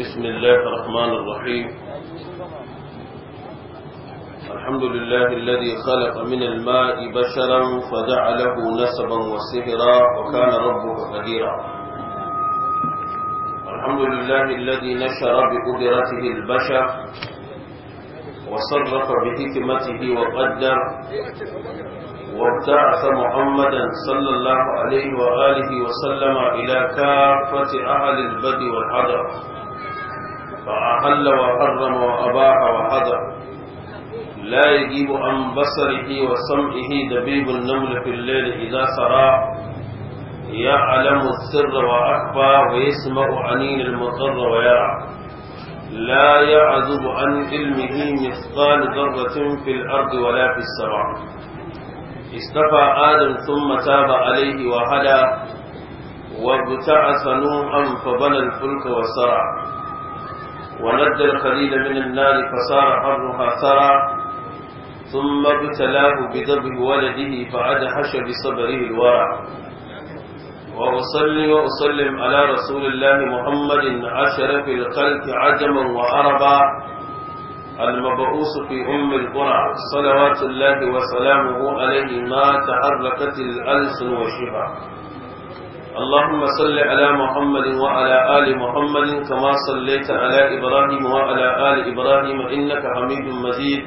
بسم الله الرحمن الرحيم الحمد لله الذي خلق من الماء بشرا فدعا له نسبا وسهرا وكان ربه قديرا الحمد لله الذي نشر بقدرته البشر وصرف بحكمته وقدر واتعث محمدا صلى الله عليه وآله وسلم إلى كافة أهل البدء والحضر فأحل وحرم وأباح وحضر لا يجيب عن بصره وسمعه دبيب النمل في الليل إذا سرى يعلم السر وأخفى ويسمع عنين المقر ويرى لا يعذب عن علمه مثقال ذرة في الأرض ولا في السماء اصطفى آدم ثم تاب عليه وهدى وابتعث نوحا فبنى الفلك وسرع ونجى الخليل من النار فصار حرها ثرى ثم ابتلاه بذبح ولده فأدهش بصبره الورع وأصلي وأسلم على رسول الله محمد أشرف الخلق عجما وعربا المبعوث في أم القرى صلوات الله وسلامه عليه ما تحركت الألسن والشفاء اللهم صل على محمد وعلى آل محمد كما صليت على إبراهيم وعلى آل إبراهيم إنك حميد مجيد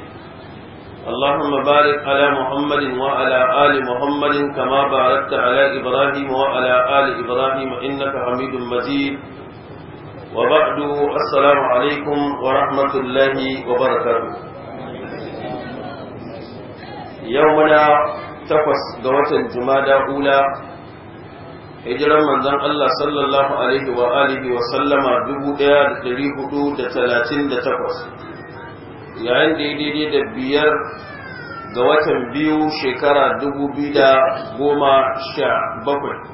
اللهم بارك على محمد وعلى آل محمد كما باركت على إبراهيم وعلى آل إبراهيم إنك حميد مجيد wa وبعد السلام عليكم ورحمة الله وبركاته ga watan دوة الجمادة أولى hijiran manzon Allah sallallahu alaihi wa alihi wa sallama 1438 yayin da daidai da biyar ga watan biyu shekara goma 2017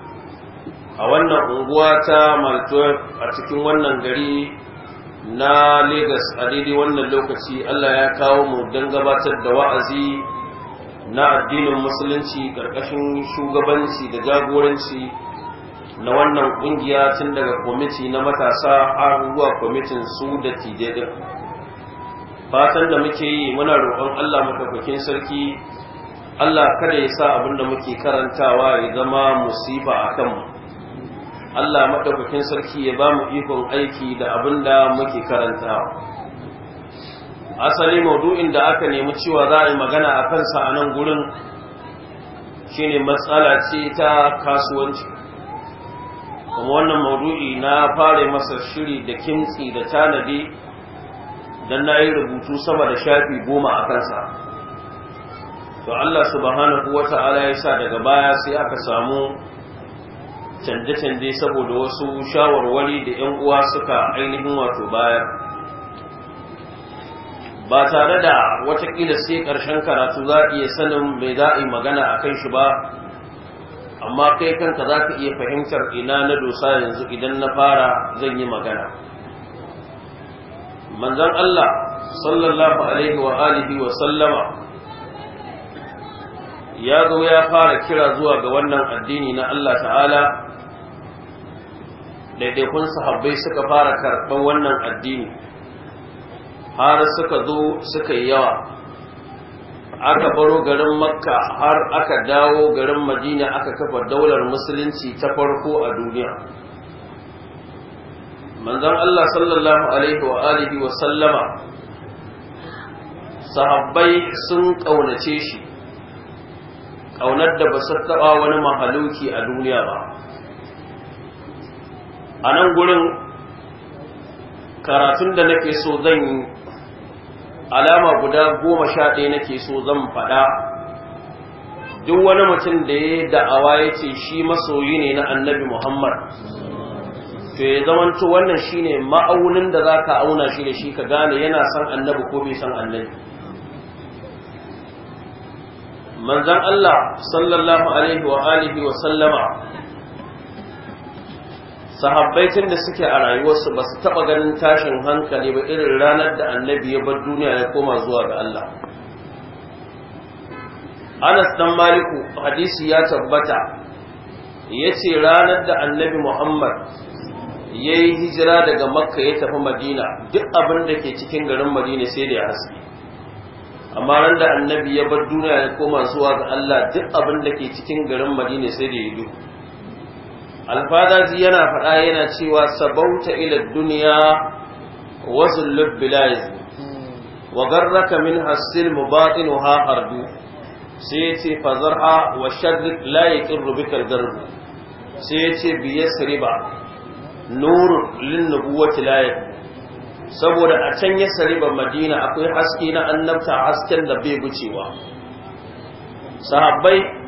a wannan unguwa ta maltuwar a cikin wannan gari na Legas a daidai wannan lokaci Allah ya kawo mu don gabatar da wa'azi na addinin musulunci ƙarƙashin shugabanci da jagoranci na wannan ƙungiya tun daga kwamiti na matasa a kwamitin su da tidadin fatan da muke yi muna roƙon Allah maɗaukakin sarki Allah kada ya sa abin da muke karantawa ya zama musifa a kanmu Allah maɗaukakin sarki ya ba mu ikon aiki da abin da muke karanta. asali maudu'in da aka nemi cewa za a yi magana a kansa a nan gurin shine matsala ce ta kasuwanci kuma wannan maudu'i na fara masa shiri da kimtsi da tanadi don na yi rubutu sama da shafi goma a kansa to Allah subhanahu wata'ala ya sa daga baya sai aka samu canje-canje saboda wasu shawarwari da 'yan uwa suka ainihin wato bayar ba tare da watakila sai ƙarshen karatu za a iya sanin mai za yi magana a kan shi ba amma kai kanka za ka iya fahimtar ina na dosa yanzu idan na fara zan yi magana manzan Allah sallallahu alaihi wa alihi wa sallama ya zo ya fara kira zuwa ga wannan addini na Allah ta'ala daidaikun sahabbai suka fara karɓar wannan addini har suka zo suka yi yawa aka baro garin makka har aka dawo garin madina aka kafa daular musulunci ta farko a duniya manzan Allah sallallahu alaihi wa alihi wa sallama sahabbai sun ƙaunace shi ƙaunar da ba su taba wani mahaluki a duniya ba a nan gurin karatun da nake so zan yi alama guda goma sha ɗaya nake so zan faɗa duk wani mutum da ya yi da'awa ya ce shi masoyi ne na annabi muhammad to ya zamanto wannan shi ne ma'aunin da za ka auna shi da shi ka gane yana san annabi ko bai san annabi manzan allah sallallahu alaihi wa alihi wa sallama sahabbai tun da suke a rayuwarsu ba su taɓa ganin tashin hankali ba irin ranar da annabi ya bar duniya ya koma zuwa ga Allah Anas dan Maliku hadisi ya tabbata yace ranar da annabi Muhammad ya yi hijira daga makka ya tafi madina duk abin da ke cikin garin madina sai da ya haske amma ran da annabi ya bar duniya ya koma zuwa ga Allah duk abin da ke cikin garin madina sai da ya duhu alfadazi yana faɗa yana cewa sabauta ila duniya wasu lubbilazi wa garraka min hassil mubatin ha hardu sai ya ce fazar'a wa sharrik layikin rubikar garbu sai ya ce biye siriba nurun linnubuwati layak saboda a can ya sariba madina akwai haske na annabta hasken da bai gucewa sahabbai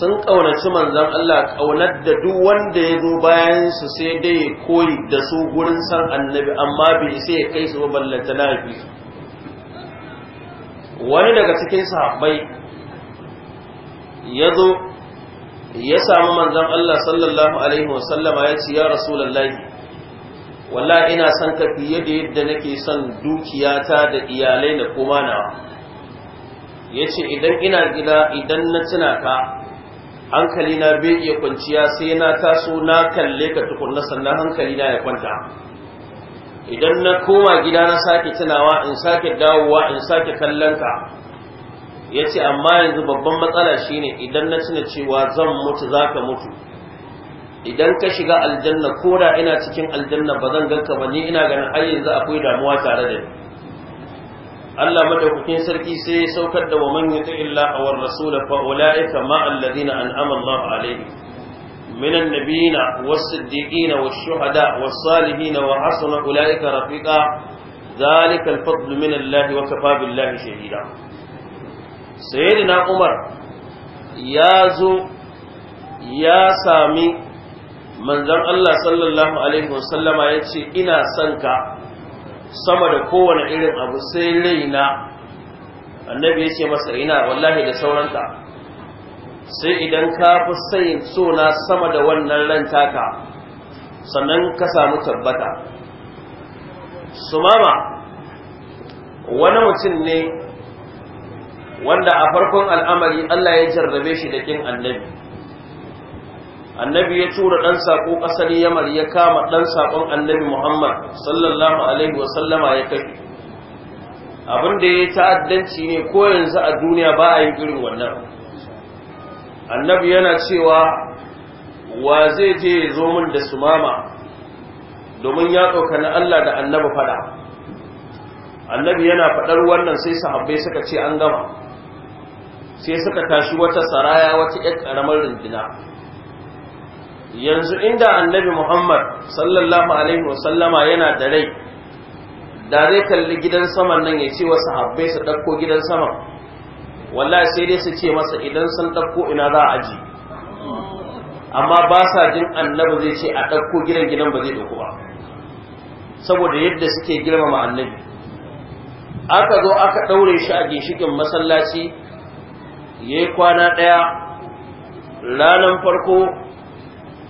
sun ƙaunaci manzan Allah ƙaunar da duk wanda ya zo bayan su sai dai koyi da su gurin san annabi amma bai sai ya kai su ballanta lafi wani daga cikin sahabbai ya zo ya samu manzan Allah sallallahu alaihi wasallama ya ce ya rasulullahi wallahi ina son ka fiye da yadda nake son dukiyata da iyalai da kuma na ya ce idan ina gida idan na tuna ka hankali na bai iya kwanciya sai na taso na kalle ka tukunna sannan hankali na ya kwanta idan na koma gida na sake tunawa in sake dawowa in sake kallon ka ya ce amma yanzu babban matsala shine idan na tuna cewa zan mutu za ka mutu idan ka shiga aljanna ko da ina cikin aljanna ba zan ganka ba ni ina ganin ai yanzu akwai damuwa tare da ni Allah madaukakin sarki sai ya saukar da wa man yuti illaha war rasul fa ulaika ma alladhina an'ama Allah alaihim من النبيين والصديقين والشهداء والصالحين وحسن أولئك رفيقا ذلك الفضل من الله وكفى بالله شهيدا سيدنا Umar ya zo ya sami manzan Allah sallallahu Alaihi wasallama ya ce ina son ka sama da kowane irin abu sai raina annabi ya ce masa ina wallahi da sauranta sai idan ka fi sai so na sama da wannan ran taka sannan ka samu tabbata sumama wani mutum ne wanda a farkon al'amari Allah ya jarrabe shi da kin annabi annabi ya tura ɗan saƙo ƙasar yamar ya kama ɗan saƙon annabi muhammad sallallahu alaihi wa sallama ya kai abin da ya ta'addanci ne ko yanzu a duniya ba a yi irin wannan annabi yana cewa wa zai je ya zo min da sumama domin ya ɗauka na allah da annabi faɗa annabi yana faɗar wannan sai sahabbai suka ce an gama sai suka tashi wata saraya wata ƴar ƙaramar rindina yanzu inda annabi Muhammad sallallahu alaihi wasallama yana da rai da zai kalli gidan saman nan ya ce wa sahabbai su ɗauko gidan saman wallahi sai dai su ce masa idan sun ɗauko ina za a aji amma ba sa jin annabi zai ce a ɗauko gidan gidan ba zai ɗauko ba saboda yadda suke girmama annabi aka zo aka ɗaure shi a ginshikin masallaci ya yi kwana ɗaya ranan farko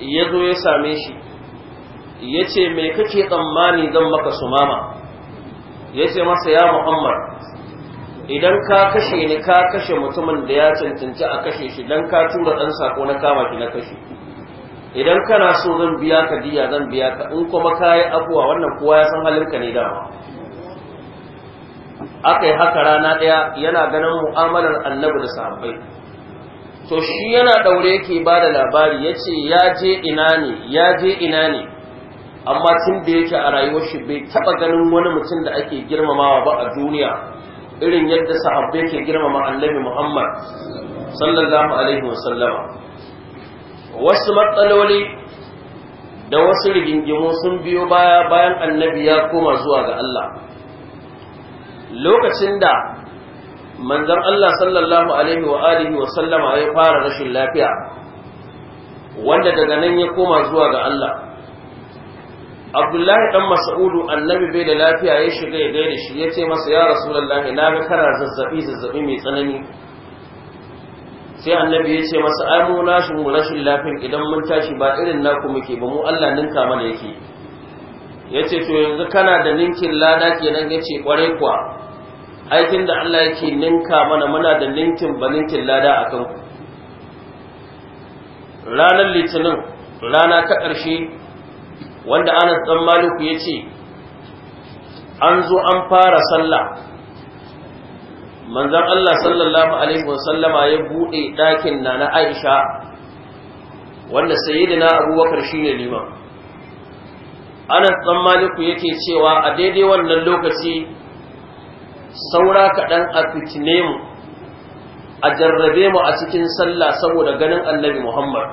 ya zo ya same shi ya ce me kake tsammani zan maka sumama ya ce masa ya muhammad idan ka kashe ni ka kashe mutumin da ya cancanci a kashe shi dan ka tura ɗan sako na kama shi na kashe idan kana so zan biya ka diya zan biya ka in kuma ka yi abuwa wannan kowa ya san halinka ne dama aka yi haka rana ɗaya yana ganin mu'amalar annabi da sahabbai to shi yana daure yake ba da labari ya ce ya je ina ne ya je ina ne amma tun da yake a rayuwar shi bai taɓa ganin wani mutum da ake girmamawa ba a duniya irin yadda sahabbai ke girmama annabi muhammad sallallahu alaihi wasallama wasu matsaloli da wasu rigingimu sun biyo baya bayan annabi ya koma zuwa ga allah lokacin da manzon Allah sallallahu alaihi wa alihi wa sallama ya fara rashin lafiya wanda daga nan ya koma zuwa ga Allah Abdullahi dan Mas'udu annabi bai da lafiya ya shiga ya gaida shi yace masa ya Rasulullahi na ga kana zazzabi zazzabi mai tsanani sai annabi ya ce masa ai mu shi mu rashin lafiyar idan mun tashi ba irin naku muke ba mu Allah ninka mana yake yace to yanzu kana da ninkin lada kenan yace kwarai kuwa aikin da Allah yake ninka mana muna da ninkin ba ninkin lada a kanku ranar litinin rana ta ƙarshe wanda ana dan maliku ya ce an zo an fara sallah manzon Allah sallallahu alaihi wasallama ya buɗe ɗakin na na Aisha wanda sayyidina Abubakar shine liman ana dan Maliku yake cewa a daidai wannan lokaci saura kaɗan a fitine mu a jarrabe mu a cikin sallah saboda ganin annabi muhammad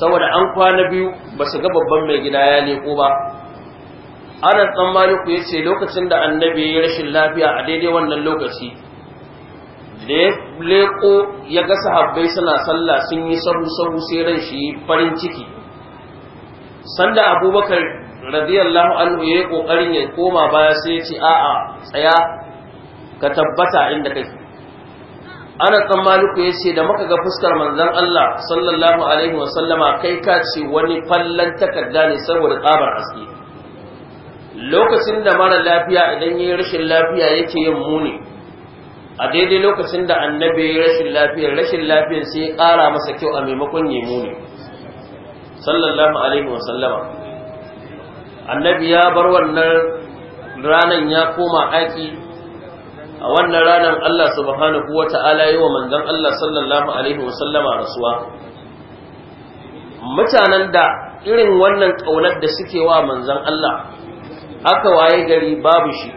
saboda an kwana biyu ba su ga babban mai gida ya leko ba ana dan maliku ya ce lokacin da annabi ya rashin lafiya a daidai wannan lokaci da ya leko ya ga sahabbai suna sallah sun yi sabu sabu sai ran shi farin ciki sanda abubakar radiyallahu anhu ya yi kokarin ya koma baya sai ya ce a'a tsaya ka tabbata inda kake ana tsammaliku ya ce da muka ga fuskar manzon Allah sallallahu alaihi sallama kai ka ce wani fallan takarda ne saboda tsabar aski. lokacin da mara lafiya idan yayi rashin lafiya yake yin muni a daidai lokacin da annabi ya rashin lafiya, rashin lafiyar sai ya kara masa kyau a maimakon ya muni sallallahu alaihi sallama annabi ya bar wannan ranan ya koma aiki a wannan ranar Allah subhanahu wa ta'ala yi wa manzan Allah sallallahu alaihi wasallama rasuwa mutanen da irin wannan ƙaunar da suke wa manzan Allah aka waye gari babu shi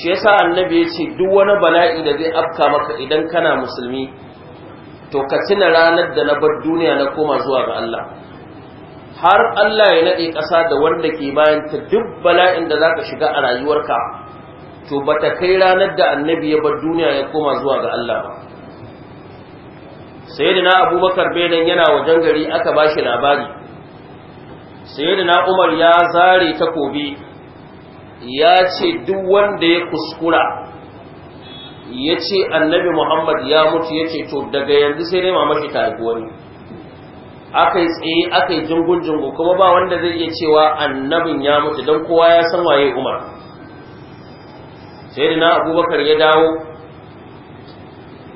shi yasa annabi ya ce duk wani bala'i da zai afka maka idan kana musulmi to ka tuna ranar da na bar duniya na koma zuwa ga Allah har Allah ya naɗe ƙasa da wanda ke bayanta duk bala'in da za ka shiga a rayuwarka to ba ta kai ranar da annabi ya bar duniya ya koma zuwa ga Allah ba sayyidina abubakar benin yana wajen gari aka ba shi labari sayyidina umar ya zare takobi ya ce duk wanda ya kuskura ya ce annabi muhammad ya mutu ya ce to daga yanzu sai dai mamaki ta haifi wani aka yi tsaye aka yi jingun-jingun kuma ba wanda zai iya cewa annabin ya mutu don kowa ya san waye umar sai na abubakar ya dawo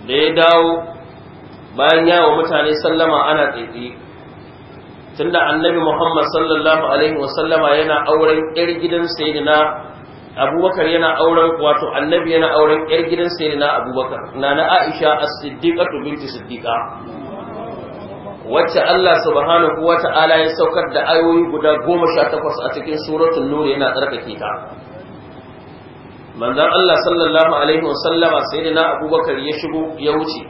da ya dawo bayan ya wa mutane sallama ana tsaye tunda annabi muhammad sallallahu alaihi wasallama yana auren yar gidan sayyidina abubakar yana auren wato annabi yana auren yar gidan sayyidina abubakar nana aisha as-siddiqatu binti siddiqa wacce Allah subhanahu ta'ala ya saukar da ayoyi guda 18 a cikin suratul nur yana tsarkake ta manzan Allah sallallahu alaihi wasallama sai da na abubakar ya shigo ya wuce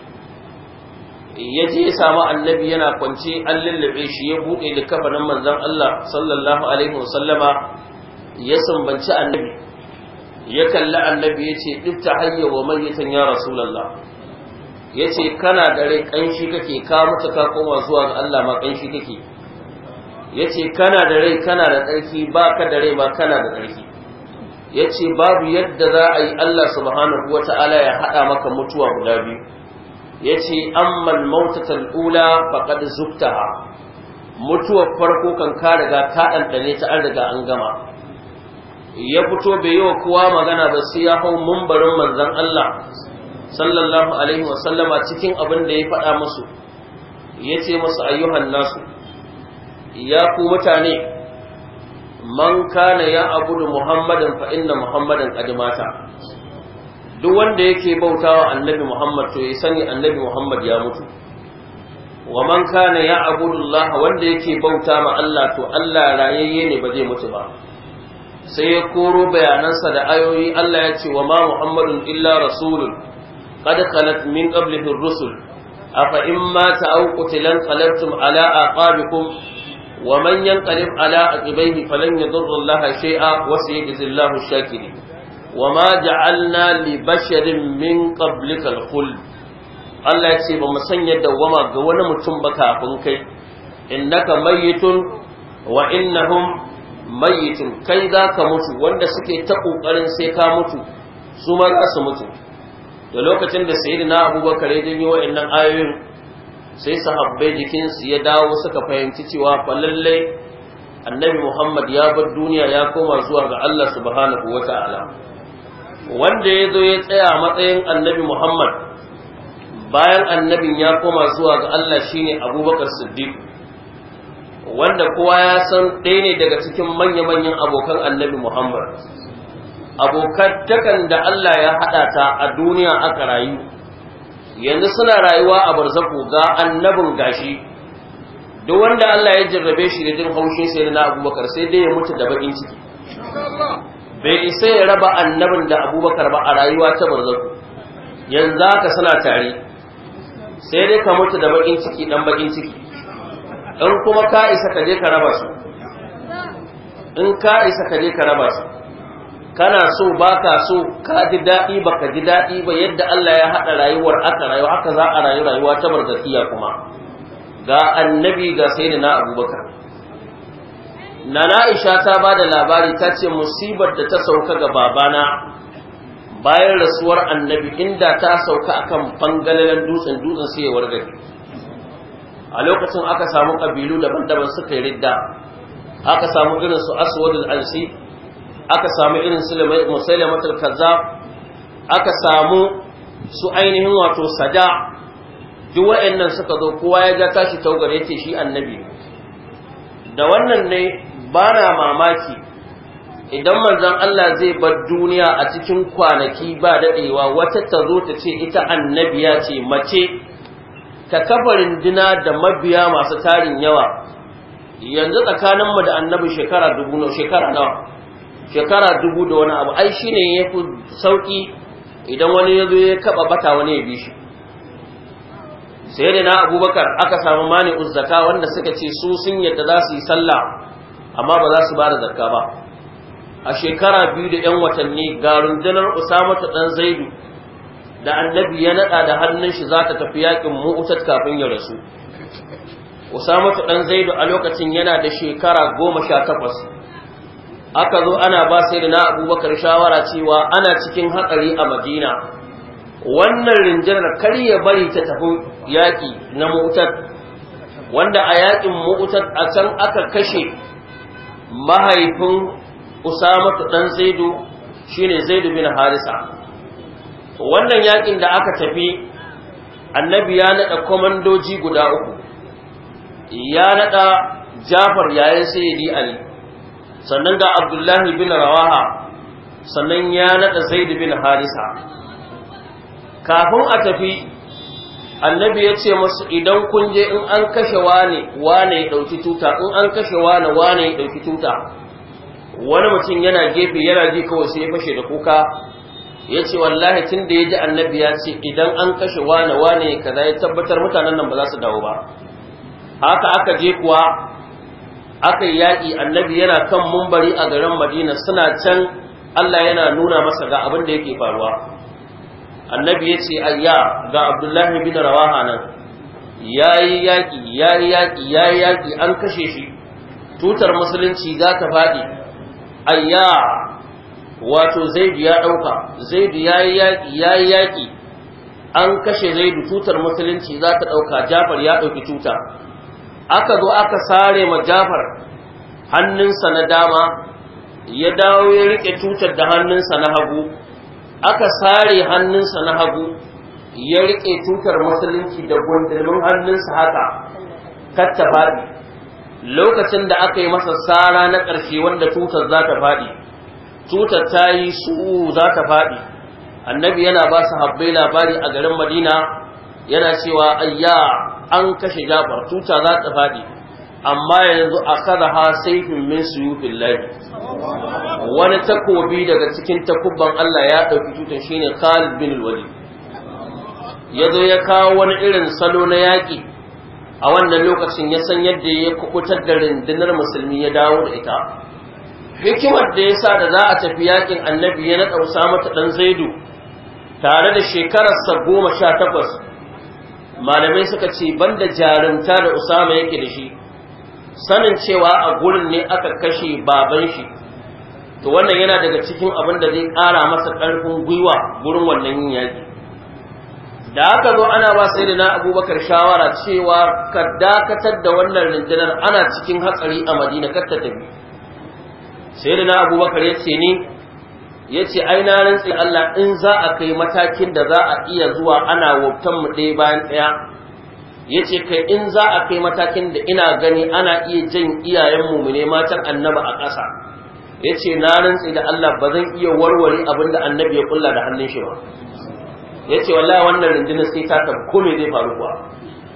ya je ya samu annabi yana kwance an lullube shi ya buɗe da kafanin manzan Allah sallallahu alaihi wasallama ya sambanci annabi ya kalli annabi ya ce duk ta hanyar wa mayyitan ya rasulallah ya ce kana da rai ƙanshi kake ka mutu ka koma zuwa ga Allah ma ƙanshi kake ya ce kana da rai kana da tsarki ba ka da rai ma kana da tsarki ya ce babu yadda za a yi Allah subhanahu wata'ala ya haɗa maka mutuwa guda biyu ya ce amman mautatal ula faƙad zuktaha mutuwar farko kan ka riga ka ɗanɗane ta an riga an gama ya fito bai yi wa kowa magana ba sai ya hau mumbarin manzon Allah sallallahu alaihi sallama cikin abin da ya faɗa musu ya ce musu ayyuhan nasu ya ku mutane man kana ya abudu muhammadan fa inna muhammadan qad mata duk wanda yake bautawa annabi muhammad to ya sani annabi muhammad ya mutu wa man kana ya abudu allah wanda yake bauta ma allah to allah rayayye ne ba zai mutu ba sai ya koro bayanansa da ayoyi allah ya ce wa ma muhammadun illa rasulun qad khalat min qablihi ar-rusul afa imma mata aw qutilan qalabtum ala aqabikum wa man yanqalib ala aqibaihi falan yadurra shai'a, shay'a wa sayajzi Allahu shakirin wa ma ja'alna li basharin min qablikal khuld Allah ya ce ba mu sanya dawwama ga wani mutum ba kafin kai innaka mayyitun wa innahum mayyitun kai za ka mutu wanda suke ta kokarin sai ka mutu su ma mutu da lokacin da sayyidina Abubakar ya janyo wa'annan ayoyin sai sahabbai su ya dawo suka fahimci cewa falallai annabi muhammad ya bar duniya ya koma zuwa ga allah subhanahu wata'ala wanda ya zo ya tsaya matsayin annabi muhammad bayan annabin ya koma zuwa ga allah shine abubakar siddiq wanda kowa ya san ɗaya ne daga cikin manya-manyan abokan annabi muhammad abokan da allah ya haɗa ta a duniya aka rayu yanzu suna rayuwa a barzaku ga annabin gashi duk wanda Allah ya jarrabe shi da jin haushin sai na abubakar sai dai ya mutu da bakin ciki bai isa ya raba annabin da abubakar ba a rayuwa ta barzaku yanzu haka suna tare sai dai ka mutu da bakin ciki dan bakin ciki in kuma ka isa ka je ka raba su in ka isa ka je ka raba su kana so ba ka so ka ji daɗi ba ka ji daɗi ba yadda Allah ya haɗa rayuwar aka rayu haka za a rayu rayuwa ta bargasiya kuma ga annabi ga sayyidina abubakar nana aisha ta ba da labari ta ce musibar da ta sauka ga babana bayan rasuwar annabi inda ta sauka akan bangalalen dutsen dutsen sai ya wargari a lokacin aka samu ƙabilu daban-daban suka yi ridda aka samu irin su aswadul ansi aka samu irin musailamatul kazzab aka samu su ainihin wato sada duk wa'annan suka zo kowa ya ga tashi taugare ce shi annabi da wannan ne ba na mamaki idan manzon Allah zai bar duniya a cikin kwanaki ba daɗewa wata ta zo ta ce ita annabiya ce mace ta kafarin dina da mabiya masu tarin yawa yanzu tsakaninmu da annabi shekara dubu shekara nawa shekara dubu da wani abu ai shine ya fi sauki idan wani ya zo ya kaba bata wani ya bi shi sai da na abubakar aka samu mani uzzaka wanda suka ce su sun yadda za su yi sallah amma ba za su bada zakka ba a shekara biyu da yan watanni ga rundunar usama ta dan zaidu da annabi ya nada da hannun shi za tafi yakin mu'utat kafin ya rasu usama ta dan zaidu a lokacin yana da shekara goma sha takwas aka zo ana ba sai da na abubakar shawara cewa ana cikin hatsari a madina wannan rinjinar kar ya bari ta tafi yaƙi na mutar wanda a yaƙin mutar a can aka kashe mahaifin usama ɗan zaidu shine zaidu bin harisa wannan yaƙin da aka tafi annabi ya naɗa kwamandoji guda uku ya naɗa jafar yayin sayyidi ali sannan ga abdullahi bin rawaha sannan ya naɗa zaidu bin harisa kafin a tafi annabi ya ce masu idan kun je in an kashe wane wane ya ɗauki tuta in an kashe wane wane ya ɗauki tuta wani mutum yana gefe yana ji kawai sai ya fashe da kuka ya ce wallahi tun da ya ji annabi ya ce idan an kashe wane wane kaza ya tabbatar mutanen nan ba za su dawo ba haka aka je kuwa aka yi yaƙi annabi yana kan mumbari a garin madina suna can allah yana nuna masa ga abin da yake faruwa annabi ya ce ayya ga abdullahi bin rawaha nan ya yi yaƙi ya yi yaƙi ya yi yaƙi an kashe shi tutar musulunci za ta faɗi ayya wato zaidu ya ɗauka zaidu ya yi yaƙi ya yi yaƙi an kashe zaidu tutar musulunci za ta ɗauka jafar ya ɗauki tuta aka zo aka sare ma jafar hannunsa na dama ya dawo ya riƙe tutar da hannunsa na hagu aka sare hannunsa na hagu ya riƙe tutar musulunci da gundumin hannunsa haka katta faɗi lokacin da aka yi masa sara na ƙarshe wanda tutar za ta faɗi tutar ta yi su za ta faɗi annabi yana ba su habbai labari a garin madina yana cewa ayya an kashe jafar tuta za ta faɗi amma yanzu a kada ha saifin min suyufin lahi wani takobi daga cikin takubban Allah ya ɗauki tutan shine Khalid bin Walid ya zo ya kawo wani irin salo na yaƙi a wannan lokacin ya san yadda ya kukutar da rundunar musulmi ya dawo da ita hikimar da ya sa da za a tafi yakin annabi ya naɗa mata ɗan zaidu tare da shekararsa goma sha takwas malamai suka ce banda jarinta da usama yake da shi sanin cewa a gurin ne aka kashe baban shi to wannan yana daga cikin abin da zai ƙara masa ƙarfin gwiwa gurin wannan yin yaki da aka zo ana ba sai da na abubakar shawara cewa ka dakatar da wannan rundunar ana cikin hatsari a madina kar ta tafi sai da na abubakar ya ce ni ya ce ai na rantsi Allah in za a kai matakin da za a iya zuwa ana wautan mu ɗaya bayan ɗaya ya ce kai in za a kai matakin da ina gani ana iya jan iyayen mu ne matan annaba a ƙasa ya ce na rantsi da Allah ba zan iya warware abin da annabi ya kulla da hannun shi ba ya ce wallahi wannan rundunar sai ta ta kome zai faru kuwa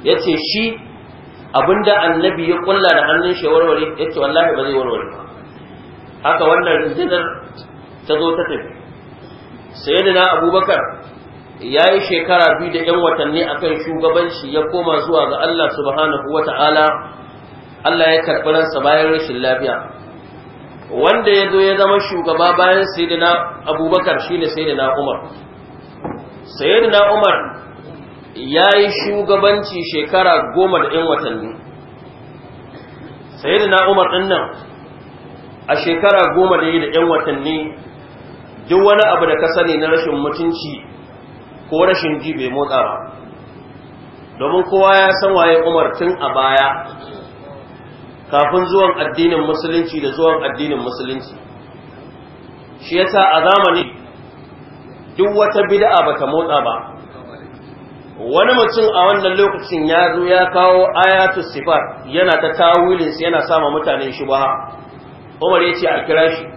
ya ce shi abin da annabi ya kulla da hannun shi warware ya ce wallahi ba zai warware ba haka wannan rundunar ta zo ta tafi sayyidina abubakar ya yi shekara biyu da ‘yan watanni a kan shugabanci ya koma zuwa ga Allah subhanahu wa ta'ala Allah ya karɓi ransa bayan rashin lafiya wanda ya zo ya zama shugaba bayan sayyidina abubakar shi ne sayyidina umar sayyidina umar ya yi shugabanci shekara goma da ‘yan watanni sayyidina umar ɗin nan a shekara goma da yi da ‘yan watanni duk wani abu da ka sani na rashin mutunci ko rashin ji bai motsa ba domin kowa ya san waye umar tun a baya kafin zuwan addinin musulunci da zuwan addinin musulunci shi yasa a zamani duk wata bid'a ta motsa ba wani mutum a wannan lokacin ya zo ya kawo ayatu sifat yana ta tawilin yana sama mutane shi shubaha umar ya ce a kira shi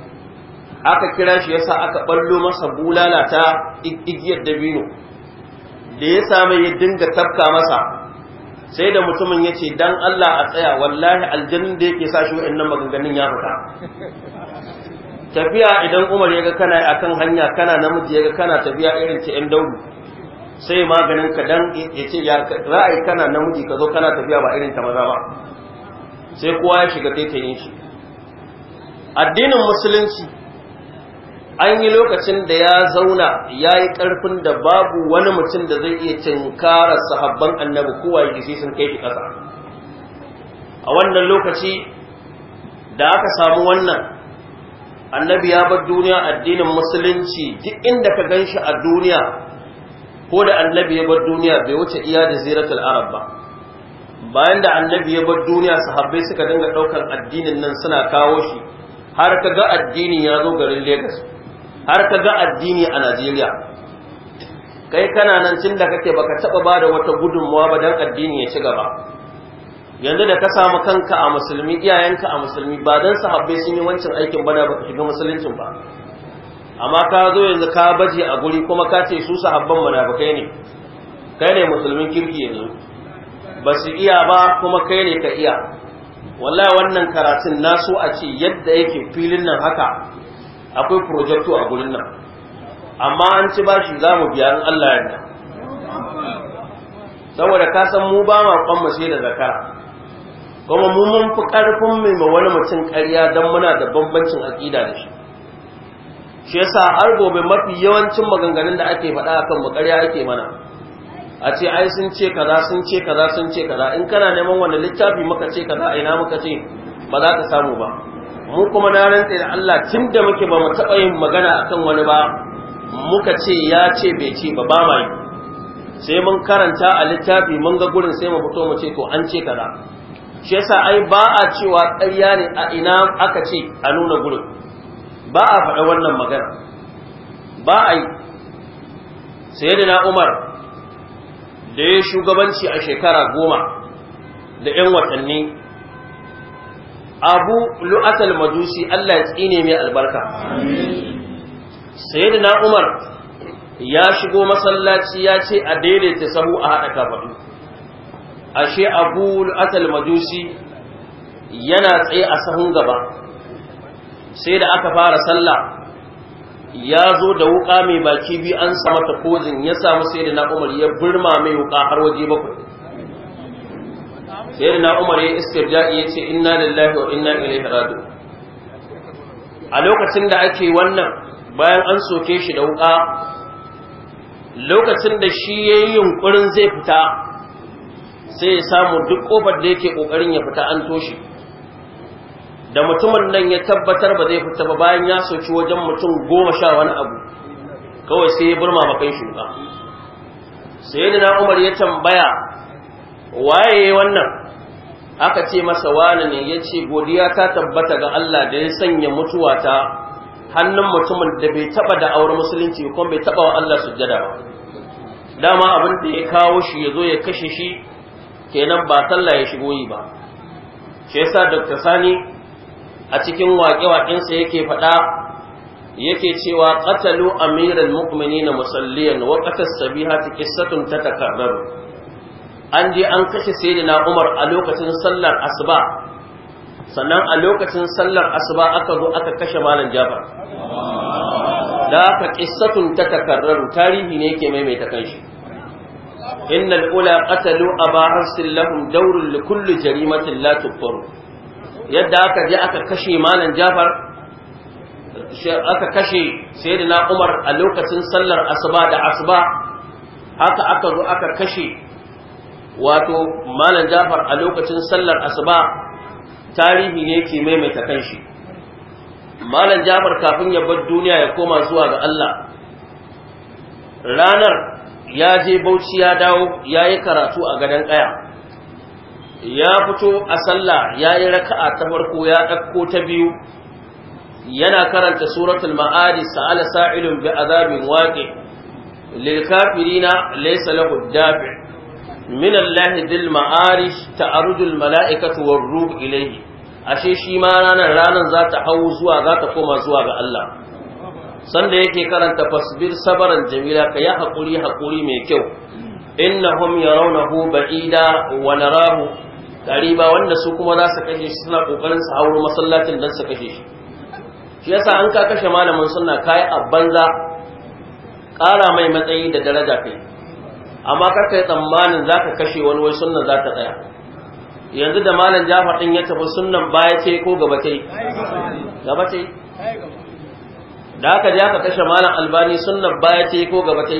aka kira shi yasa aka ɓallo masa bulala ta igiyar dabino da ya same ya dinga tafka masa sai da mutumin ya ce dan Allah a tsaya wallahi aljannin da yake sa shi wa'annan maganganun ya fita tafiya idan Umar ya ga kana akan hanya kana namiji ya ga kana tafiya irin ta 'yan daudu sai maganin ka dan ya ce ya ra'ayi kana namiji ka zo kana tafiya ba irin ta maza ba sai kowa ya shiga taitayin shi addinin musulunci an yi lokacin da ya zauna ya yi ƙarfin da babu wani mutum da zai iya cinkara sahabban annabi kowa ya sai sun kai ƙasa a wannan lokaci da aka samu wannan annabi ya bar duniya addinin musulunci duk inda ka gan shi a duniya ko da annabi ya bar duniya bai wuce iya da ziratul arab ba bayan da annabi ya bar duniya sahabbai suka dinga ɗaukar addinin nan suna kawo shi har ka ga addini ya zo garin Legas. har ka ga addini a Najeriya kai kana nan tun da kake baka taba ba da wata gudunmawa ba dan addini ya ci gaba yanzu da ka samu kanka a musulmi iyayenka a musulmi ba dan sahabbai sun yi wancan aikin ba da ba shiga musuluncin ba amma ka zo yanzu ka baje a guri kuma ka ce su sahabban munafikai ne kai ne musulmin kirki yanzu ba su iya ba kuma kai ne ka iya wallahi wannan karatun nasu a ce yadda yake filin nan haka akwai projecto a gurin nan amma an ci bashi za mu biya in Allah yarda saboda ka san mu ba ma kwamma sai da zakara kuma mu mun fi karfin mai ma wani mutum karya dan muna da bambancin aƙida da shi shi yasa har gobe mafi yawancin maganganun da ake faɗa akan mu ƙarya ake mana a ce ai sun ce kaza sun ce kaza sun ce kaza in kana neman wani littafi muka ce kaza ina muka ce ba za ka samu ba mu kuma na rantse da Allah tun da muke ba mu taɓa yin magana kan wani ba muka ce ya ce bai ce ba ba mai sai mun karanta a littafi mun ga gurin sai mu fito mu ce to an ce kaza shi yasa ai ba a cewa ƙarya ne a ina aka ce a nuna gurin ba a faɗa wannan magana ba a yi na Umar da ya shugabanci a shekara goma da 'yan watanni abu lu'asal majusi Allah ya tsine mai albarka na umar ya shigo masallaci ya ce a daidaita sahu a haɗa kafaɗu ashe abu lu'asal majusi yana tsaye a sahun gaba sai da aka fara sallah ya zo da wuƙa mai baki biyu an samata mata kozin ya samu na umar ya birma mai wuƙa har waje bakwai na umar ya ya ce inna lillahi wa inna ilaihi a lokacin da ake wannan bayan an soke shi da wuka lokacin da shi ya yi yunkurin zai fita sai ya samu duk kofar da yake kokarin ya fita an toshe da mutumin nan ya tabbatar ba zai fita ba bayan ya soci wajen mutum goma sha wani abu kawai sai ya burma makan shuka na umar ya tambaya waye wannan aka ce masa wani ne ya ce godiya ta tabbata ga Allah da ya sanya mutuwa ta hannun mutumin da bai taba da auren musulunci kuma bai taba wa Allah sujjada ba dama abin da ya kawo shi ya zo ya kashe shi kenan ba sallah ya shigo yi ba shi yasa Dr. Sani a cikin waƙe-waƙensa yake faɗa yake cewa qatalu amiral mu'minina musalliyan wa qatas sabihati qissatun tatakarraru an je an kashe sayyidina Umar a lokacin sallar asuba sannan a lokacin sallar asuba aka zo aka kashe malam Jafar da aka qissatun ta takarraru tarihi ne yake maimaita kanshi Inna innal ula qatalu aba harsil lahum dawrun li kulli jarimatin la tukfaru yadda aka je aka kashe malam Jafar aka kashe sayyidina Umar a lokacin sallar asuba da asuba haka aka zo aka kashe wato malam jafar a lokacin sallar asuba tarihi ne ke maimaita kanshi malam jafar kafin ya bar duniya ya koma zuwa ga Allah ranar ya je bauchi ya dawo ya yi karatu a gadon ƙaya ya fito a sallah ya yi raka'a ta farko ya ɗakko ta biyu yana karanta suratul ma'adi sa'ala sa'ilun bi azabin waqi lil kafirina laysa lahu dafi' من الله dil ma'arish ta'arujul mala'ikatu والروح ruh ashe shi ma ranar ranar za ta hau zuwa za ta koma zuwa ga Allah sanda yake karanta fasbir sabaran jamila ka ya haƙuri haƙuri mai kyau innahum yarawnahu ba'ida wa narahu qariba wanda su kuma za su kashe shi suna kokarin su hauro masallacin dan su kashe shi shi yasa an ka kashe malamin sunna kai a banza ƙara mai matsayi da daraja kai amma karka kai tsammanin ka kashe wani wai sunan za ta tsaya yanzu da malam Jafar din ya tafi sunnan baya ce ko gaba ce gaba ce da aka ji aka kashe malam Albani sunnan baya ce ko gaba ce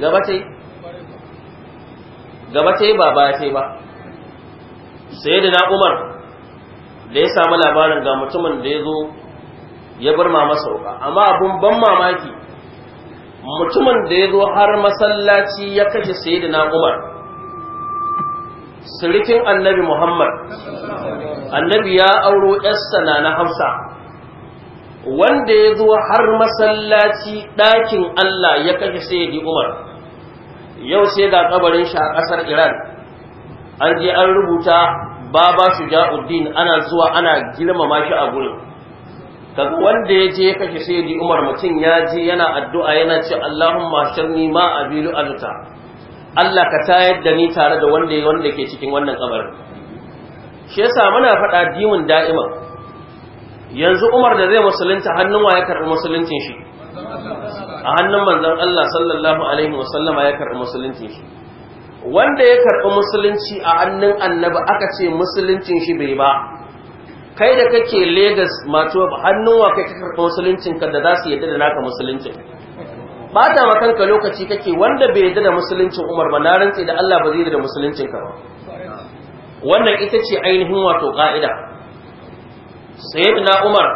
gaba ce gaba ce ba baya ce ba sayyidina Umar da ya samu labarin ga mutumin da ya zo ya bar mama sauka amma abun ban mamaki mutumin da ya zo har masallaci ya kashe sayyidina Umar sirikin annabi Muhammad annabi ya auro yarsa na na Hafsa wanda ya zo har masallaci ɗakin Allah ya kashe sayyidi Umar yau sai ga kabarin shi a ƙasar Iran an je an rubuta baba shuja'uddin ana zuwa ana girmama shi a gurin kaga wanda ya je kake sai sayyidi Umar mutum ya je yana addu'a yana ce Allahumma shirni ma abilu aluta Allah ka tayar da ni tare da wanda wanda ke cikin wannan kabarin shi yasa muna faɗa dimin da'ima yanzu Umar da zai musulunta hannun wa ya karɓi musuluncin shi a hannun manzon Allah sallallahu alaihi wasallama ya karɓi musuluncin shi wanda ya karɓi musulunci a hannun annabi aka ce musuluncin shi bai ba kai da kake Legas mato hannuwa kai ka karɓa musuluncin ka da za su yadda da naka musuluncin ba ta ma kanka lokaci kake wanda bai yadda da musuluncin Umar ba na rantse da Allah ba zai yadda da musuluncin ka ba wannan ita ce ainihin wato ka'ida na Umar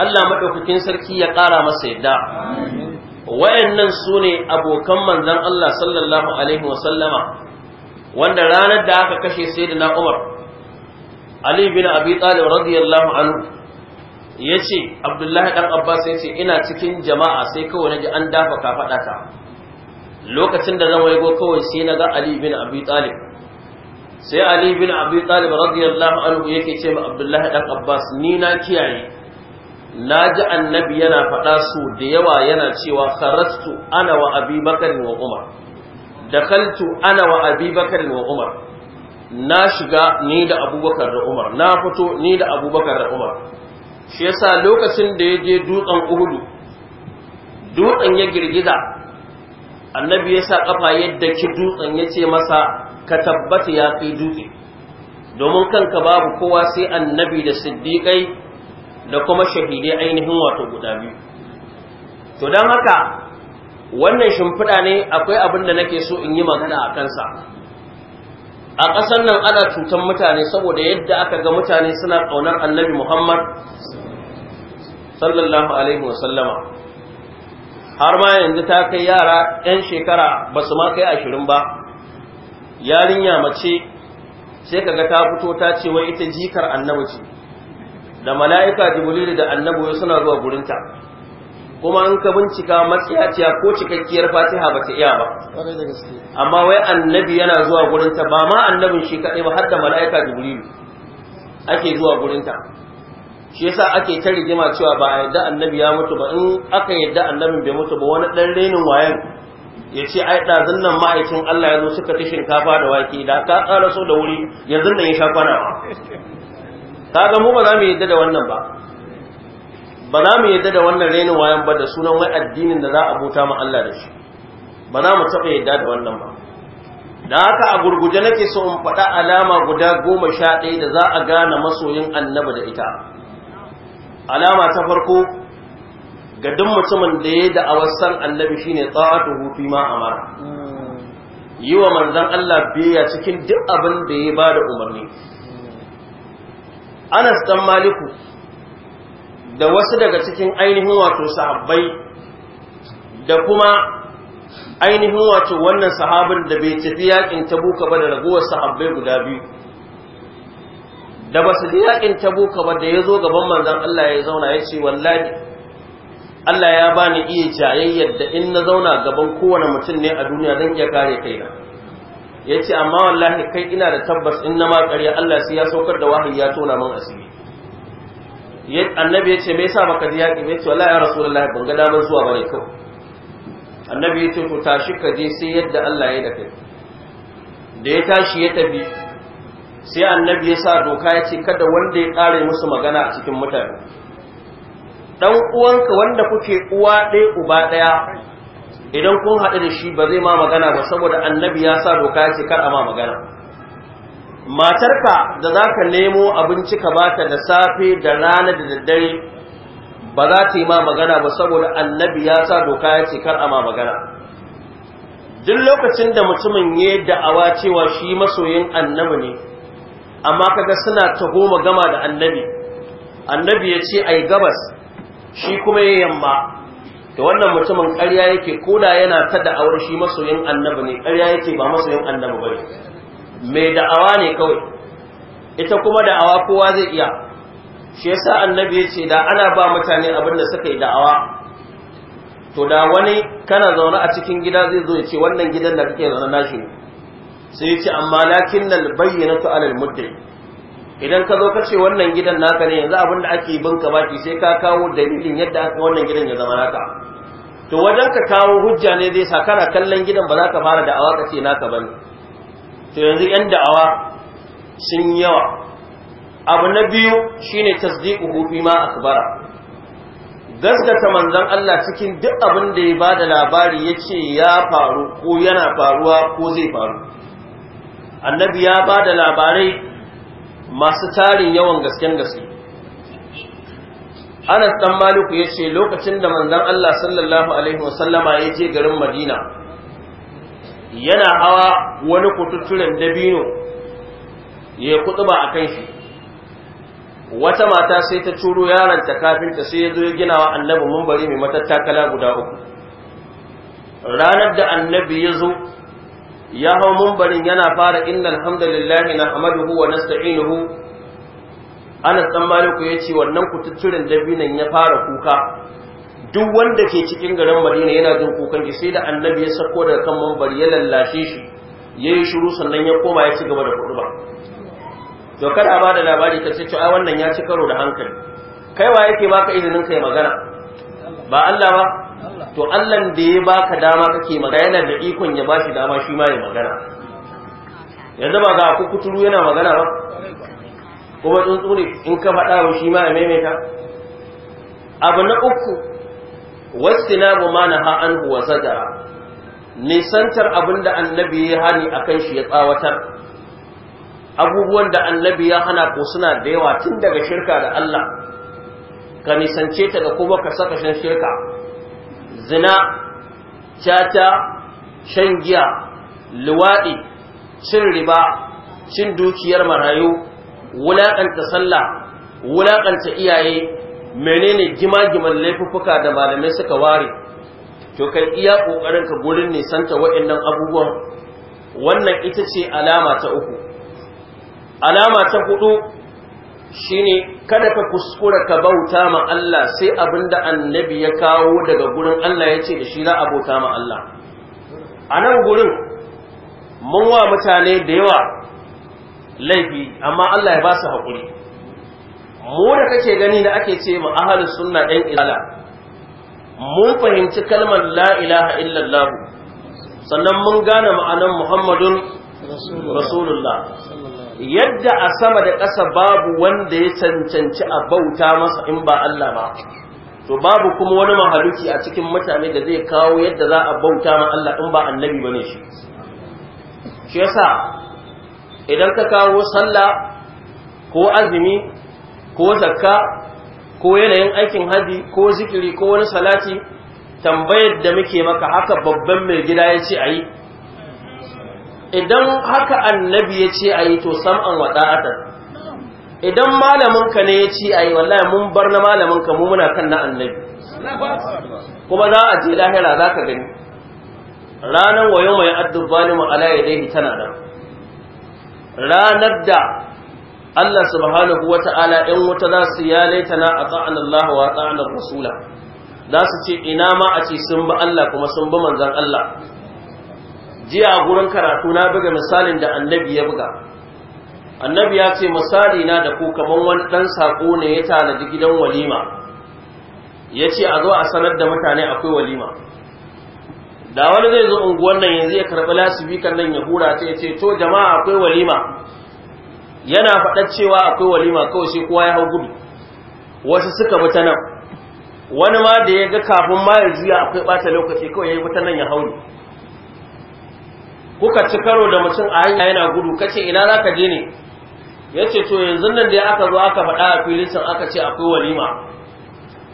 Allah maɗaukakin sarki ya ƙara masa yadda su ne abokan manzon Allah sallallahu alaihi wasallama wanda ranar da aka kashe na Umar Ali bin Abi Talib radiyallahu anhu yace Abdullahi dan Abbas yace ina cikin jama'a sai kawai naji an dafa kafadata lokacin da zan waigo kawai sai naga Ali bin Abi Talib sai Ali bin Abi Talib radiyallahu anhu yake ce ma Abdullahi dan Abbas ni na kiyaye na ji annabi yana faɗa su da yawa yana cewa kharastu ana wa Abi Bakar wa Umar dakaltu ana wa Abi Bakar wa Umar na shiga ni da abubakar da umar na fito ni da abubakar da umar shi yasa lokacin da ya je dutsen uhudu dutsen ya girgiza annabi ya sa kafa yadda ki dutsen ya ce masa ka tabbata ya fi dutse domin kanka babu kowa sai annabi da siddiƙai da kuma shahidai ainihin wato guda biyu to don haka wannan shimfiɗa ne akwai abin da nake so in yi magana a kansa a ƙasar nan ana cutar mutane saboda yadda aka ga mutane suna ƙaunar annabi Muhammad sallallahu alaihi wasallama har ma yanzu ta kai yara 'yan shekara ba su ma kai ashirin ba yarinya mace sai kaga ta fito ta ce wai ita jikar annabi ce da mala'ika jibrilu da annabi suna zuwa gurinta kuma an ka bincika matsiyaciya ko cikakkiyar fatiha ba ta iya ba amma wai annabi yana zuwa gurinta ba ma annabin shi kaɗai ba har da mala'ika jibrilu ake zuwa gurinta shi yasa ake ta rigima cewa ba a yadda annabi ya mutu ba in aka yadda annabin bai mutu ba wani ɗan renin wayan ya ce ai ɗazun nan ma'aikin Allah ya zo suka ta shinkafa da wake da ka ƙara so da wuri yanzu nan ya sha kwana ka ga mu ba za mu yadda da wannan ba ba za mu yadda da wannan renin wayan ba da sunan wai addinin da za a bauta ma Allah da shi ba za mu taɓa yadda da wannan ba da haka a gurguje nake so in faɗa alama guda goma sha ɗaya da za a gane masoyin annaba da ita alama ta farko ga duk mutumin da ya da awassan annabi shine ta'atuhu fi ma amara yi wa manzon Allah biya cikin duk abin da ya bada umarni Anas dan Maliku da wasu daga cikin ainihin wato sahabbai da kuma ainihin wato wannan sahabin da bai tafi yakin tabuka ba da raguwar sahabbai guda biyu da ba su ji yakin tabuka ba da ya zo gaban manzan Allah ya zauna ya ce wallahi Allah ya bani iya jayayyar da in na zauna gaban kowane mutum ne a duniya zan iya kare kaina ya ce amma wallahi kai ina da tabbas in na ma ƙarya Allah sai ya saukar da wahayi ya tona min asiri annabi ya ce me yasa baka ji yaƙi me yace ya rasulullahi ban ga daman zuwa bane kawai annabi ya ce to tashi ka je sai yadda Allah ya yi da kai da ya tashi ya tafi sai annabi ya sa doka ya ce kada wanda ya ƙare musu magana a cikin mutane dan uwanka wanda kuke uwa ɗaya uba ɗaya idan kun haɗu da shi ba zai ma magana ba saboda annabi ya sa doka ya ce kar ma magana matarka da za ka nemo abinci ka bata da safe da rana da daddare ba za ta yi ma magana ba saboda annabi ya sa doka ya ce kar a ma magana duk lokacin da mutumin ya yi da'awa cewa shi masoyin annabi ne amma kaga suna taho magama da annabi annabi ya ce ai gabas shi kuma ya yamma Da wannan mutumin ƙarya yake koda yana ta da'awar shi masoyin annabi ne ƙarya yake ba masoyin annabi ba ne. mai da'awa ne kawai ita kuma da'awa kowa zai iya shi yasa annabi ya ce da ana ba mutane abin da suka yi da'awa to da wani kana zaune a cikin gida zai zo ya ce wannan gidan da kake zaune nashi ne sai ya ce amma lakin nan bayyana alal muddai idan ka zo ka ce wannan gidan naka ne yanzu abin da ake bin ka baki sai ka kawo dalilin yadda aka wannan gidan ya zama naka to wajen ka kawo hujja ne zai sa kana kallon gidan ba za ka fara da'awa ka ce naka bane to yanzu yan da'awa sun yawa abu na biyu shine tasdiquhu a akbara gaskata manzon Allah cikin duk abin da ya bada labari yace ya faru ko yana faruwa ko zai faru annabi ya ba da labarai masu tarin yawan gasken gaske Anas dan Maliku ce lokacin da manzon Allah sallallahu alaihi wasallama ya je garin Madina yana hawa wani kututturen dabino ya kutsuba a kan shi wata mata sai ta curo yaron ta kafinta sai ya zo ya gina wa annabi bari mai matattakala guda uku ranar da annabi ya zo ya hau mumbarin yana fara inna alhamdulillahi na hamaduhu wa nasta'inuhu ana tsammanin ku ya ce wannan kututturen dabinan ya fara kuka duk wanda ke cikin garin madina yana jin kukan ki sai da annabi ya sako daga kan mambari ya lallashe shi ya yi shiru sannan ya koma ya ci gaba da To kada a bada labari ta ce a wannan ya ci karo da hankali Kai wa yake baka izinin kai magana ba Allah ba to Allah da ya baka dama kake magana yana da ikon ya bashi dama shi ma ya magana yanzu ba ga ku kuturu yana magana ba kuma tsuntsu ne in ka faɗa shi ma ya maimaita abu na uku wastinabu ma na ha'an wa sadara nisantar abinda annabi ya hani akan shi ya tsawatar abubuwan da annabi ya hana ko suna da yawa tun daga shirka da Allah ka nisance ta da kuma ka saka shan shirka zina caca shan giya luwaɗi cin riba cin dukiyar marayu wulaƙanta sallah wulaƙanta iyaye menene gima-giman laifuffuka da malamai suka ware to kai iya kokarin ka gurin nisanta waɗannan abubuwan wannan ita ce alama ta uku alama ta hudu shine kada ka kuskura ka bauta ma Allah sai abinda annabi ya kawo daga gurin Allah ya ce da shi za a bauta ma Allah a nan gurin mun wa mutane da yawa laifi amma Allah ya ba su haƙuri mu da kake gani da ake ce mu ahlus sunna ɗan izala mun fahimci kalmar la ilaha illallah sannan mun gane ma'anan muhammadun rasulullah yadda a sama da ƙasa babu wanda ya cancanci a bauta masa in ba Allah ba to babu kuma wani mahaluki a cikin mutane da zai kawo yadda za a bauta ma Allah in ba annabi bane shi shi yasa idan ka kawo sallah ko azumi ko zakka ko yanayin aikin haji ko zikiri ko wani salati tambayar da muke maka haka babban mai gida ya ce a yi idan haka annabi ya ce a yi to sam'an atar. idan malaminka ne ya ce a yi wallahi mun bar na malaminka mu muna kan na annabi kuma za a je lahira za ka gani ranar wayo mai addu zalimu ala ya tana da. ranar da Allah subhanahu wa ta'ala ‘yan wata za su ya laitana a ta'an Allah wa ta'anar Rasula, za su ce ina ma a ce sun bi Allah kuma sun bi manzan Allah. Jiya a gurin karatu na buga misalin da annabi ya buga. Annabi ya ce misali na da ku kamar wani ɗan saƙo ne ya tanadi gidan walima, ya ce a zo a sanar da mutane akwai walima. Da wani zai zo unguwan nan yanzu ya karɓi lasibikan nan ya hura ta ya ce to jama'a akwai walima. yana faɗa cewa akwai walima kawai sai kowa ya hau gudu wasu suka bi ta nan wani ma da ya ga kafin ma ya juya akwai ɓata lokaci kawai ya yi ta nan ya hau ne kuka ci karo da mutum a hanya yana gudu kace ina za ka je ne ya ce to yanzu nan da aka zo aka faɗa a filisin aka ce akwai walima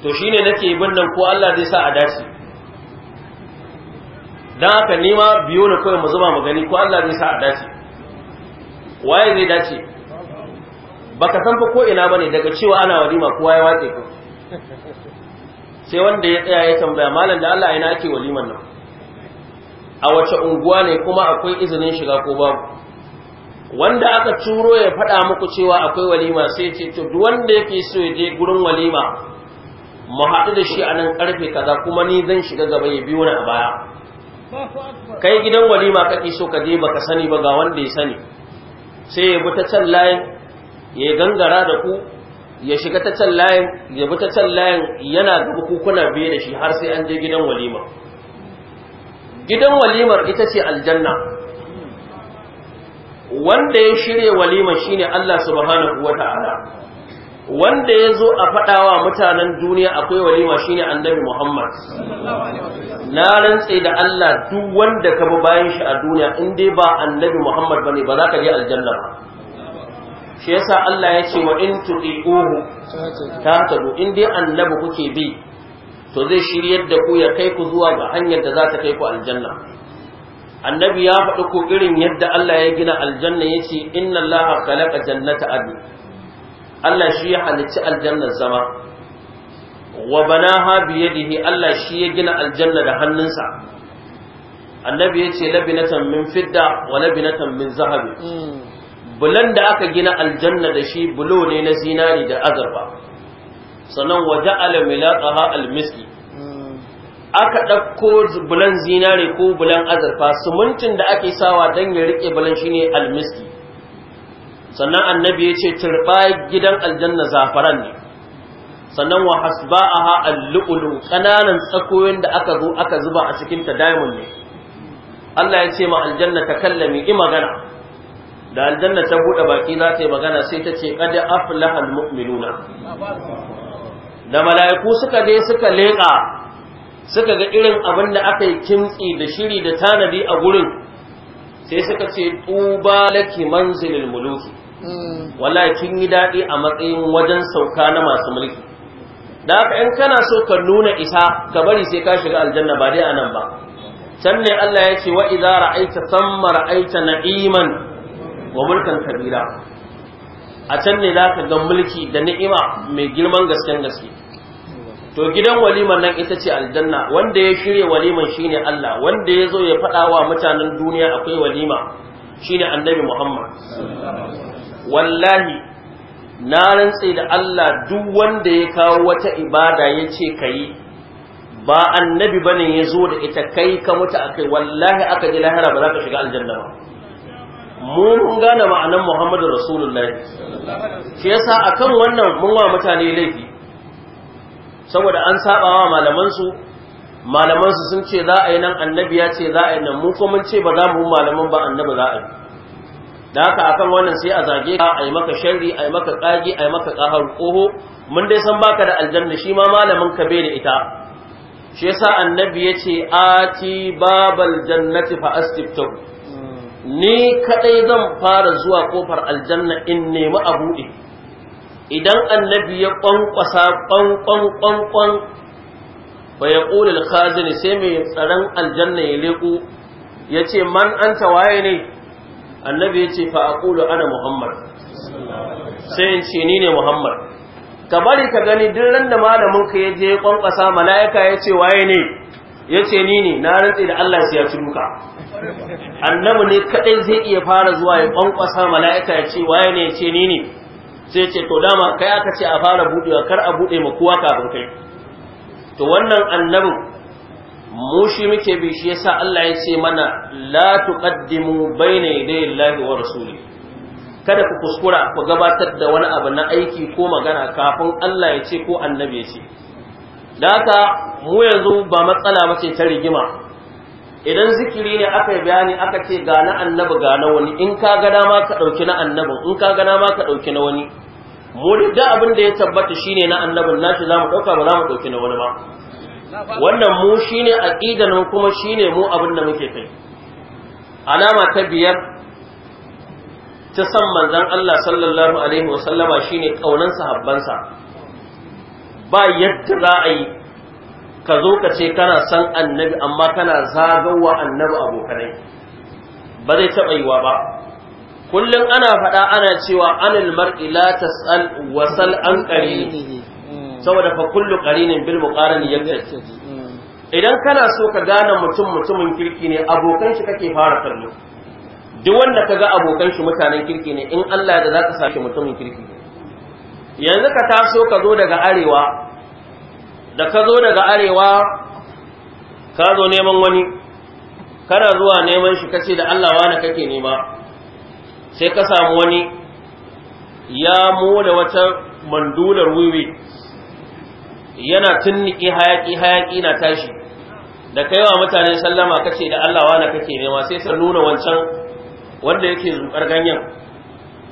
to shine nake bin nan ko Allah zai sa a dace dan haka nima biyo ne kawai mu zuba mu gani ko Allah zai sa a dace waye zai dace baka san fa ko ina ne daga cewa ana walima kowa ya watse ku sai wanda ya tsaya ya tambaya malam da Allah ina ake waliman nan a wace unguwa ne kuma akwai izinin shiga ko ba wanda aka turo ya faɗa muku cewa akwai walima sai ce to duk wanda yake so ya je gurin walima mu haɗu da shi a nan ƙarfe kaza kuma ni zan shiga gaba ya biyo ni a baya kai gidan walima kake so ka je baka sani ba ga wanda ya sani sai ya bi ta can layin ya gangara da ku ya shiga ta can layin ya bi ta can layin yana da kuna biye da shi har sai an je gidan walima gidan walimar ita ce aljanna wanda ya shirya walima shine Allah subhanahu wata'ala wanda ya zo a faɗawa mutanen duniya akwai walima shine annabi Muhammad na rantse da Allah duk wanda ka bi bayan shi a duniya in dai ba annabi Muhammad bane ba za ka je aljanna ba shi yasa Allah ya ce wa in tuqihu tahtadu in dai annabi kuke bi to zai shiryar da ku ya kai ku zuwa ga hanyar da za ta kai ku aljanna annabi ya faɗi ko irin yadda Allah ya gina aljanna ya ce inna Allah khalaqa jannata adu Allah shi ya halicci aljannar zama wa banaha bi yadihi Allah shi ya gina aljanna da hannunsa annabi ya ce labinatan min fidda wa labinatan min zahabi hmm. bulan da aka gina aljanna da shi bulo ne na zinari da azurfa sannan waje alamilaqaha almiski aka ɗauko bulan zinari ko bulan azurfa sumuntin da ake sawa don ya riƙe bulan shine almiski sannan annabi ya ce turɓa gidan aljanna zafaran ne sannan wa a al-lu'lu kananan tsakoyin da aka zo aka zuba a cikin ta diamond ne Allah ya ce ma aljanna takallami i magana da aljanna ta buɗe baki za ta yi magana sai ta ce kada aflaha almu'minuna da mala'iku suka je suka leƙa suka ga irin abin da aka yi kintsi da shiri da tanadi a gurin sai suka ce tuba laki manzilil muluki wallahi kin yi daɗi a matsayin wajen sauka na masu mulki da haka in kana so ka nuna isa ka bari sai ka shiga aljanna ba dai anan ba can ne Allah ya ce wa idza ra'aita thamma ra'aita na'iman wa mulkan kabira a can ne za ka ga mulki da ni'ima mai girman gasken gaske to gidan waliman nan ita ce aljanna wanda ya shirya waliman shine Allah wanda ya zo ya faɗa wa mutanen duniya akwai walima shine annabi Muhammad wallahi na rantse da Allah duk wanda ya kawo wata ibada ya ce ka ba annabi bane ya zo da ita kai ka mutu akai wallahi aka ji lahira ba za ka shiga aljanna ba mun gane ma'anan Muhammadu Rasulullahi shi yasa akan wannan munwa mutane laifi saboda an saba wa malamansu sun ce za a yi nan annabi ya ce za a yi nan mu kuma mun ce ba za mu malaman ba annabi za a yi da haka kan wannan sai a zage ka a yi maka shari, a yi maka kagi a yi maka kahar koho mun dai san baka da aljanna shi ma malamin ka bai da ita shi yasa annabi ya ce ati babal jannati fa astiftahu ni kadai zan fara zuwa kofar aljanna in nemi a buɗe idan annabi ya kwankwasa kwankwan kwankwan fa ya ƙuli alkhazini sai mai tsaron aljanna ya leƙo ya ce man anta waye ne annabi ya ce fa aqulu ana muhammad sai in ce ni ne muhammad ka bari ka gani duk ran da malamin ka ya je kwankwasa mala'ika ya ce waye ne ya ce ni ne na rantse da Allah ya ci duka annabi ne kadai zai iya fara zuwa ya kwankwasa mala'ika ya ce waye ne ya ce ni ne sai ce to dama kai aka ce a fara budewa kar a buɗe ma kowa kafin kai to wannan annabin mu shi muke bi shi yasa Allah ya ce mana la tuqaddimu baina yaday Allahi wa rasuli kada ku kuskura ku gabatar da wani abu na aiki ko magana kafin Allah ya ce ko annabi ya ce da haka mu yanzu ba matsala mace ta rigima idan zikiri ne aka yi bayani aka ce ga na annabi ga na wani in ka ga dama ka ɗauki na annabin in ka ga dama ka ɗauki na wani mu da abin da ya tabbata shine na annabin nashi za mu ɗauka ba za mu ɗauki na wani ba wannan mu shine aqidan mu kuma shine mu abin da muke kai alama ta biyar ta san manzon Allah sallallahu alaihi wasallama shine kaunan sahabbansa ba yadda za a yi ka zo ka ce kana san annabi amma kana zagawa annabi abokanai ba zai taɓa yiwa ba kullum ana faɗa ana cewa anil mar'i la tas'al wa an qari saboda fa kullu qarinin bil muqarin yaktaji idan kana so ka gane mutum mutumin kirki ne abokan shi kake fara kallo duk wanda ga abokan shi mutanen kirki ne in Allah da zaka sake mutumin kirki yanzu ka taso ka zo daga arewa da ka zo daga arewa ka zo neman wani kana zuwa neman shi kace da Allah wani kake nema sai ka samu wani ya mola wata mandular wiwi yana tunniki hayaki hayaki na tashi da kaiwa mutane sallama kace da Allah wani kake nema sai sa nuna wancan wanda yake zukar ganyen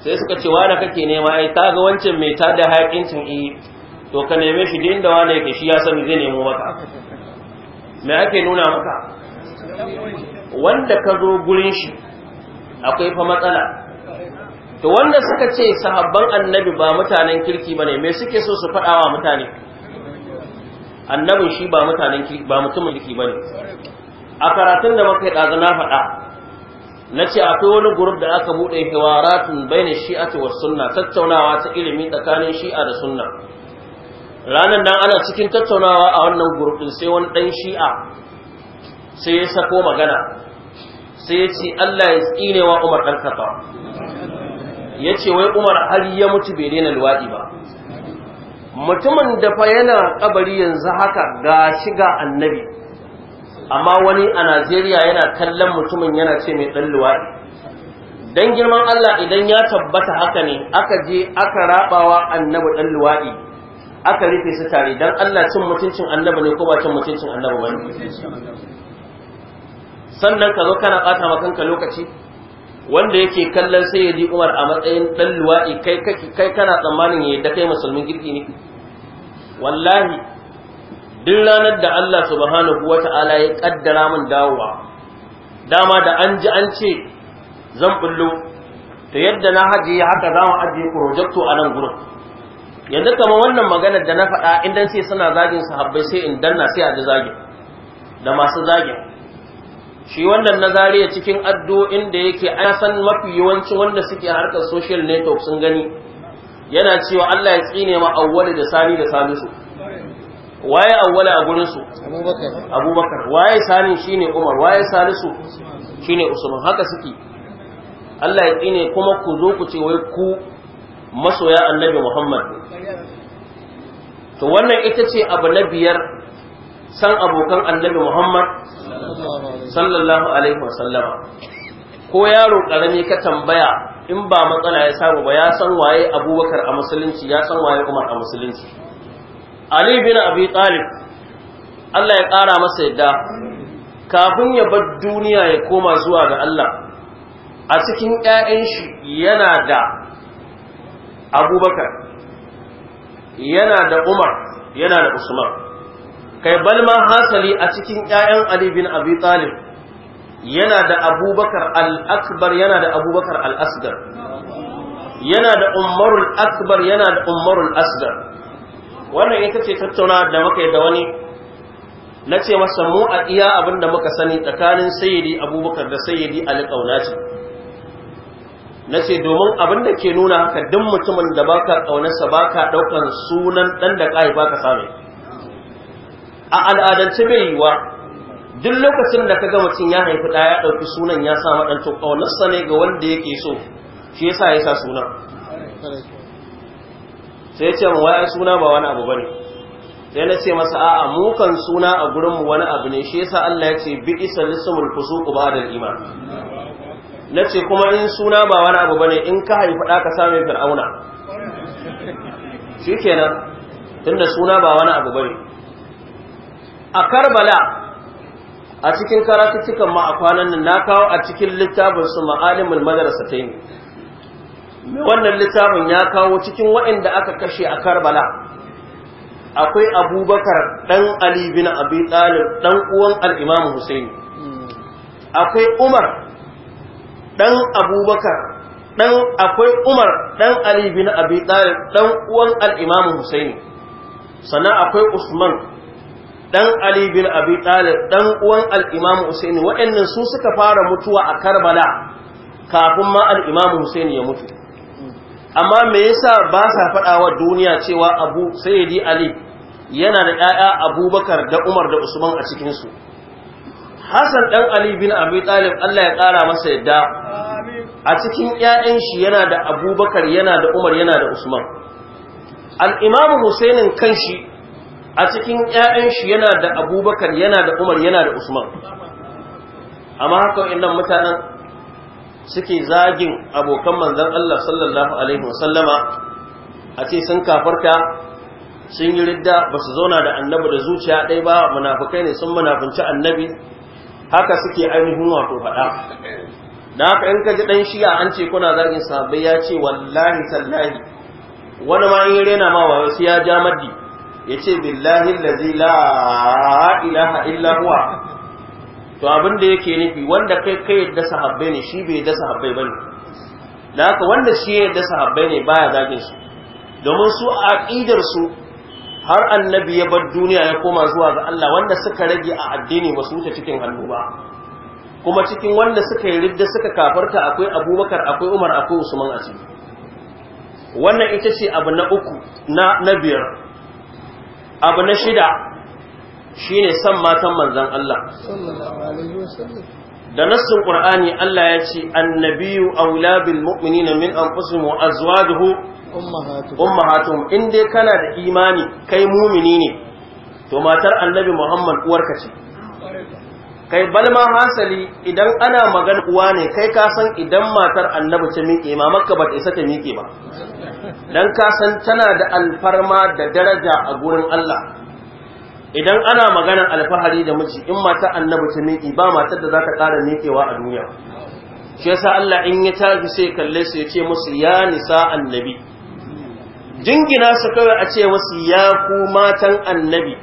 sai suka ce wani kake nema ai ga wancan mai tada hayakin cin eh to ka neme shi din da wane yake shi ya sani zai nemo maka me ake nuna maka wanda ka zo gurin shi akwai fa matsala to wanda suka ce sahabban annabi ba mutanen kirki bane me suke so su faɗa wa mutane annabin shi ba mutanen kirki ba mutumin kirki ne a karatun da muka yi ɗazu na faɗa na ce akwai wani gurub da aka buɗe ne shi'a ta wasu sunna tattaunawa ta ilimi tsakanin shi'a da sunna ranar nan ana cikin tattaunawa a wannan gurbin sai wani ɗan shi'a sai ya sako magana sai ya ce Allah ya tsine wa Umar ɗan kafa ya ce wai Umar har ya mutu bai daina luwaɗi ba mutumin da fa yana kabari yanzu haka ga shiga annabi amma wani a Najeriya yana kallon mutumin yana ce mai ɗan luwaɗi dan girman Allah idan ya tabbata haka ne aka je aka rabawa annabi ɗan luwaɗi aka rufe su tare dan Allah cin mutuncin annabi ne ko ba cin mutuncin annabi ba sannan ka zo kana bata ma kanka lokaci wanda yake kallon sai Umar a matsayin dan luwa'i kai kai kana tsammanin ya da kai musulmin girki ne wallahi duk ranar da Allah subhanahu wata'ala ya kaddara min dawowa dama da an ji an ce zan bullo ta yadda na ya haka za mu ajiye projecto a nan gurin yanzu kamar wannan magana da na faɗa idan sai suna zagin sahabbai sai in danna sai a ji zagin da masu zagin shi wannan na zariya cikin addu'o'in da yake an san mafi yawanci wanda suke harkar social network sun gani yana cewa Allah ya tsine ma awwali da sani da salisu waye awwali a gurin su abubakar waye sani shine umar waye salisu shine usman haka suke Allah ya tsine kuma ku zo ku ce wai ku masoya annabi Muhammad to wannan ita ce abu na biyar san abokan annabi Muhammad sallallahu alaihi wasallama ko yaro karami ka tambaya in ba matsala ya samu ba ya san waye abubakar a musulunci ya san waye umar a musulunci ali bin abi talib Allah ya ƙara masa yadda kafin ya bar duniya ya koma zuwa ga Allah a cikin 'ya'yan shi yana da abubakar yana da umar yana da usman kai balma hasali a cikin 'ya'yan ali bin abi talib yana da abubakar al-akbar yana da abubakar al-asgar yana da umarul akbar yana da umarul asgar wannan ita ce tattauna da muka yi da wani na ce masa mu a iya abin da muka sani tsakanin sayyidi abubakar da sayyidi ali kaunaci ce na ce domin abin da ke nuna haka duk mutumin da ba ka ƙaunarsa ba ka ɗaukar sunan ɗan da ƙayi ba ka same a al'adance bai yiwuwa, duk lokacin da ka ga mutum ya haifi ɗaya ya ɗauki sunan ya sa maɗanto ƙaunarsa ne ga wanda yake so shi yasa ya sa sunan sai ce mu waya suna ba wani abu ba ne. sai na ce masa a'a mu suna a gurinmu wani abu ne shi yasa Allah ya ce bi isa lismul fusuq ba'da al-iman na ce kuma in suna ba wani abu bane in ka haifi ɗa ka same fir'auna shi kenan tunda suna ba wani abu bane a karbala a cikin karatuttukan ma a kwanan nan na kawo a cikin littafin su ma'alimin madarasa ta yi wannan littafin ya kawo cikin waɗanda aka kashe a karbala akwai abubakar ɗan ali bin abi ɗalib ɗan uwan al'imamu husaini akwai umar ɗan abubakar ɗan akwai umar ɗan ali bin abi ɗalib ɗan uwan al'imamu husaini sannan akwai usman ɗan ali bin abi ɗalib ɗan uwan al'imamu husaini waɗannan su suka fara mutuwa a karbala kafin ma al'imamu husaini ya mutu amma me yasa ba sa faɗawa duniya cewa abu sayyidi ali yana da 'ya'ya abubakar da umar da usman a cikinsu Hassan ɗan Ali bin Abi Talib Allah ya ƙara masa yadda a cikin ‘ya'yan shi yana da Abubakar yana da Umar yana da Usman. Al'imamu Husainin kan shi a cikin ‘ya'yan shi yana da Abubakar yana da Umar yana da Usman. Amma haka inda mutanen suke zagin abokan manzan Allah sallallahu Alaihi wasallama a ce sun kafarta sun yi ridda ba su zauna da annabi da zuciya ɗaya ba munafukai ne sun munafunci annabi haka suke ainihin wato faɗa da haka in ka ji ɗan shiya an ce kuna zagin sahabbai ya ce wallahi tallahi wani ma in rena ma wa wasu ya ja maddi ya ce billahi lazi la ilaha illa huwa to abin da yake nufi wanda kai kai yadda sahabbai ne shi bai yadda sahabbai ba ne da haka wanda shi ya yadda sahabbai ne baya zagin su domin su a su har annabi ya bar duniya ya koma zuwa ga Allah wanda suka rage a addini ba su cikin hannu ba kuma cikin wanda suka yi ridda suka kafarta akwai abubakar akwai umar akwai usman a ciki wannan ita ce abu na uku na na biyar abu na shida shine san matan manzon Allah da nassin qur'ani Allah ya ce annabiyu aula bil mu'minina min anfusihim wa azwajuhu ummahatum in dai kana da imani kai mumini ne to matar annabi muhammad uwarka ce kai balma hasali idan ana magana uwa ne kai ka san idan matar annabi ta miƙe ma makka ba ta isa ta miƙe ba dan ka san tana da alfarma da daraja a gurin Allah idan ana maganar alfahari da miji in matar annabi ta miƙe ba matar da za ta ƙara miƙewa a duniya shi yasa Allah in ya tafi sai kalle su ya ce musu ya nisa annabi jingina su kawai a ce wasu ya ku matan annabi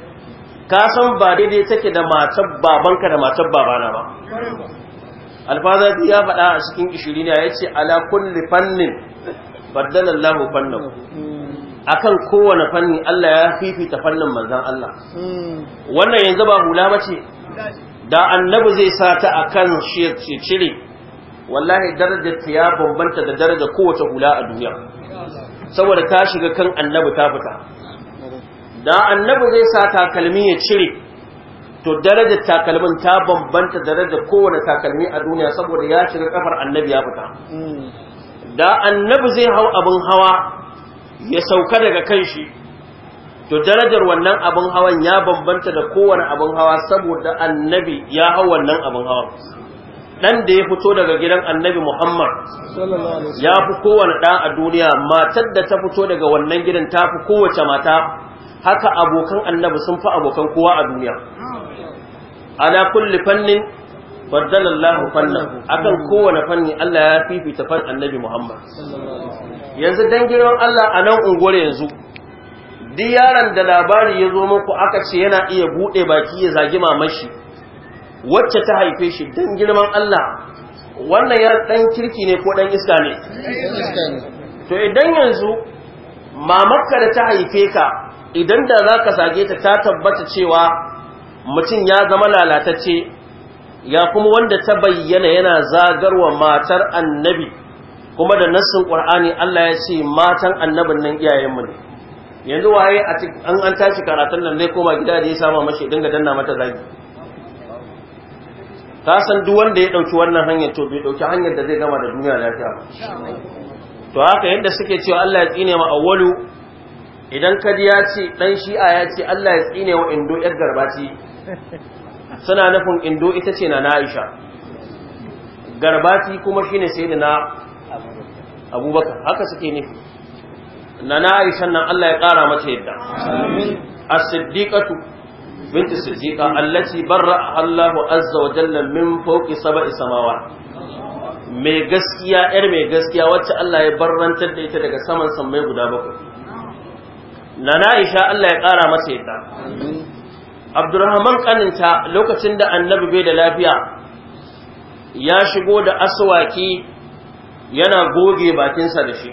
ka san ba daidai take da matar babanka da matar babana ba alfazazi ya faɗa a cikin ishirin ya ce ala kulli fannin faddalallahu a akan kowane fanni Allah ya fifita fannin manzon Allah wannan yanzu ba hula mace da annabi zai sa ta akan shi cire wallahi darajar ta ya bambanta da darajar kowace hula a duniya saboda ta shiga kan annabi ta fita da annabi zai sa takalmi ya cire to darajar takalmin ta bambanta darajar kowane takalmi a duniya saboda ya shiga kafar annabi ya fita da annabi zai hau abin hawa ya sauka daga kan shi to darajar wannan abin hawan ya bambanta da kowane abin hawa saboda annabi ya hau wannan abin hawan dan da ya fito daga gidan annabi Muhammad ya fi kowane ɗa a duniya matar da ta fito daga wannan gidan ta fi kowace mata haka abokan annabi sun fi abokan kowa a duniya ala kulli fannin faddala Allah fannan akan kowane fanni Allah ya fifita fan annabi Muhammad yanzu dan gidan Allah a nan unguwar yanzu duk yaron da labari ya zo muku aka ce yana iya buɗe baki ya zagi mamashi wacce ta haife shi dan girman Allah wannan ya ɗan kirki ne ko dan iska ne to idan yanzu mamakka da ta haife ka idan da za ka sage ta ta tabbata cewa mutum ya zama lalatacce ya kuma wanda ta bayyana yana zagarwa matar annabi kuma da nassin qur'ani Allah ya ce matan annabin nan iyayenmu ne yanzu waye an an tashi karatun nan zai koma gida da ya sama mashi dinga danna mata zagi ka san duk wanda ya dauki wannan hanyar to bai dauki hanyar da zai gama da duniya lafiya to haka yadda suke cewa Allah ya tsine ma awwalu idan kadi ya ce dan shi'a ya ce Allah ya tsine wa indo yar garbati suna nufin indo ita ce na Aisha garbati kuma shine sayyidina Abubakar haka suke nufi na Aisha nan Allah ya kara mata yadda as-siddiqatu binti siddiqa allati barra Allahu azza wa jalla min fawqi sab'i samawat mai gaskiya yar mai gaskiya wacce Allah ya barrantar da ita daga saman sammai guda bakwai nana Aisha Allah ya kara masa yadda Abdurrahman kaninta lokacin da Annabi bai da lafiya ya shigo da aswaki yana goge bakinsa da shi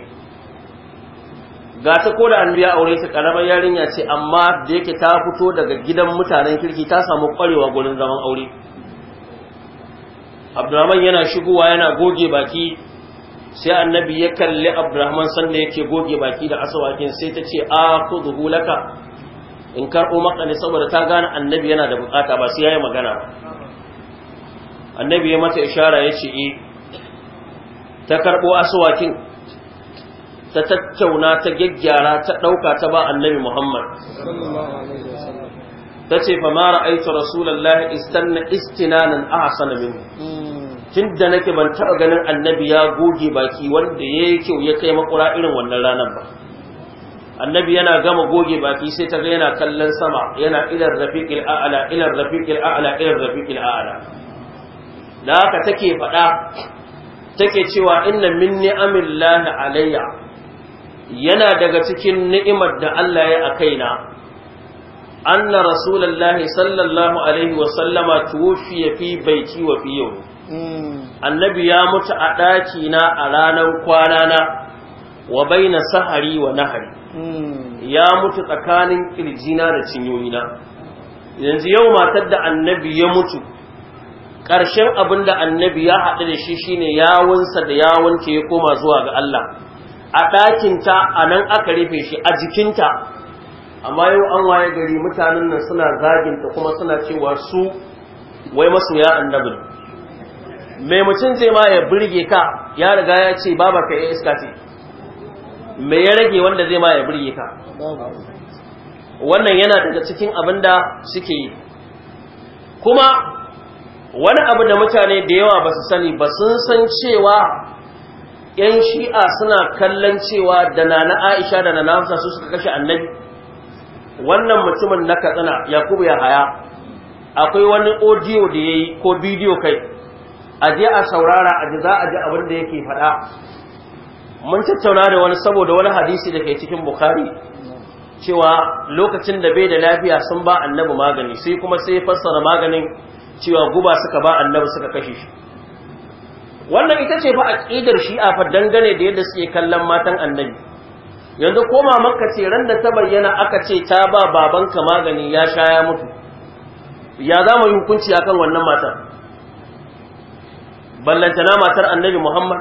ga ta ko da annabi ya aure ta karamar yarinya ce amma da yake ta fito daga gidan mutanen kirki ta samu kwarewa gurin zaman aure Abdurrahman yana shigowa yana goge baki sai annabi ya kalli Abdurrahman sanda yake goge baki da asawakin sai ta ce a khudhu laka in karɓo maka saboda ta gane annabi yana da bukata ba sai yi magana annabi ya mata ishara ya ce eh ta karɓo asawakin ta tattauna ta gyaggyara ta ɗauka ta ba annabi Muhammad. Ta ce fa ma ra'aitu rasulallah, istanna istinanan ahsana minhu. Tun da nake ban taɓa ganin annabi ya goge baki wanda ya yi kyau ya kai makura irin wannan ranar ba. Annabi yana gama goge baki sai ta ga yana kallon sama yana ilar rafiqil a'la ilar rafiqil a'la ilar rafiqil a'la. Da haka take faɗa take cewa inna min ni'amillahi alayya yana daga cikin ni'imar da Allah ya a kaina anna rasulullahi sallallahu alaihi wa sallama tuwfiya fi baiti wa fi hmm. annabi ya mutu a ɗaki na a ranar kwana na wa baina sahari wa nahari hmm. ya mutu tsakanin kirjina da cinyoyina yanzu yau matar da annabi ya mutu ƙarshen abin da annabi ya haɗu da shi shine yawunsa da yawunta ya koma zuwa ga Allah a ɗakinta a nan aka rufe shi a jikinta amma yau an waye gari mutanen nan suna zaginta kuma suna cewa su wai masoya annabi mai mutum zai ma ya birge ka ya riga ya ce baba ka iska ce me ya rage wanda zai ma ya birge ka wannan yana daga cikin abin da suke yi kuma wani abu da mutane da yawa ba su sani ba sun san cewa yan shi'a suna kallon cewa da na aisha da na nafsa su suka kashe annabi wannan mutumin na katsina yakubu ya haya akwai wani odiyo da ya yi ko bidiyo kai a je a saurara a ji za a ji abin da yake faɗa mun tattauna da wani saboda wani hadisi da ke cikin bukhari cewa lokacin da bai da lafiya sun ba annabi magani sai kuma sai fassara maganin cewa guba suka ba annabi suka kashe shi wannan ita ce fa aqidar shi'a fa dangane da yadda suke kallon matan annabi yanzu koma ka ce ran da ta bayyana aka ce ta ba babanka magani ya sha ya mutu ya za mu yi hukunci akan wannan matar ballantana matar annabi muhammad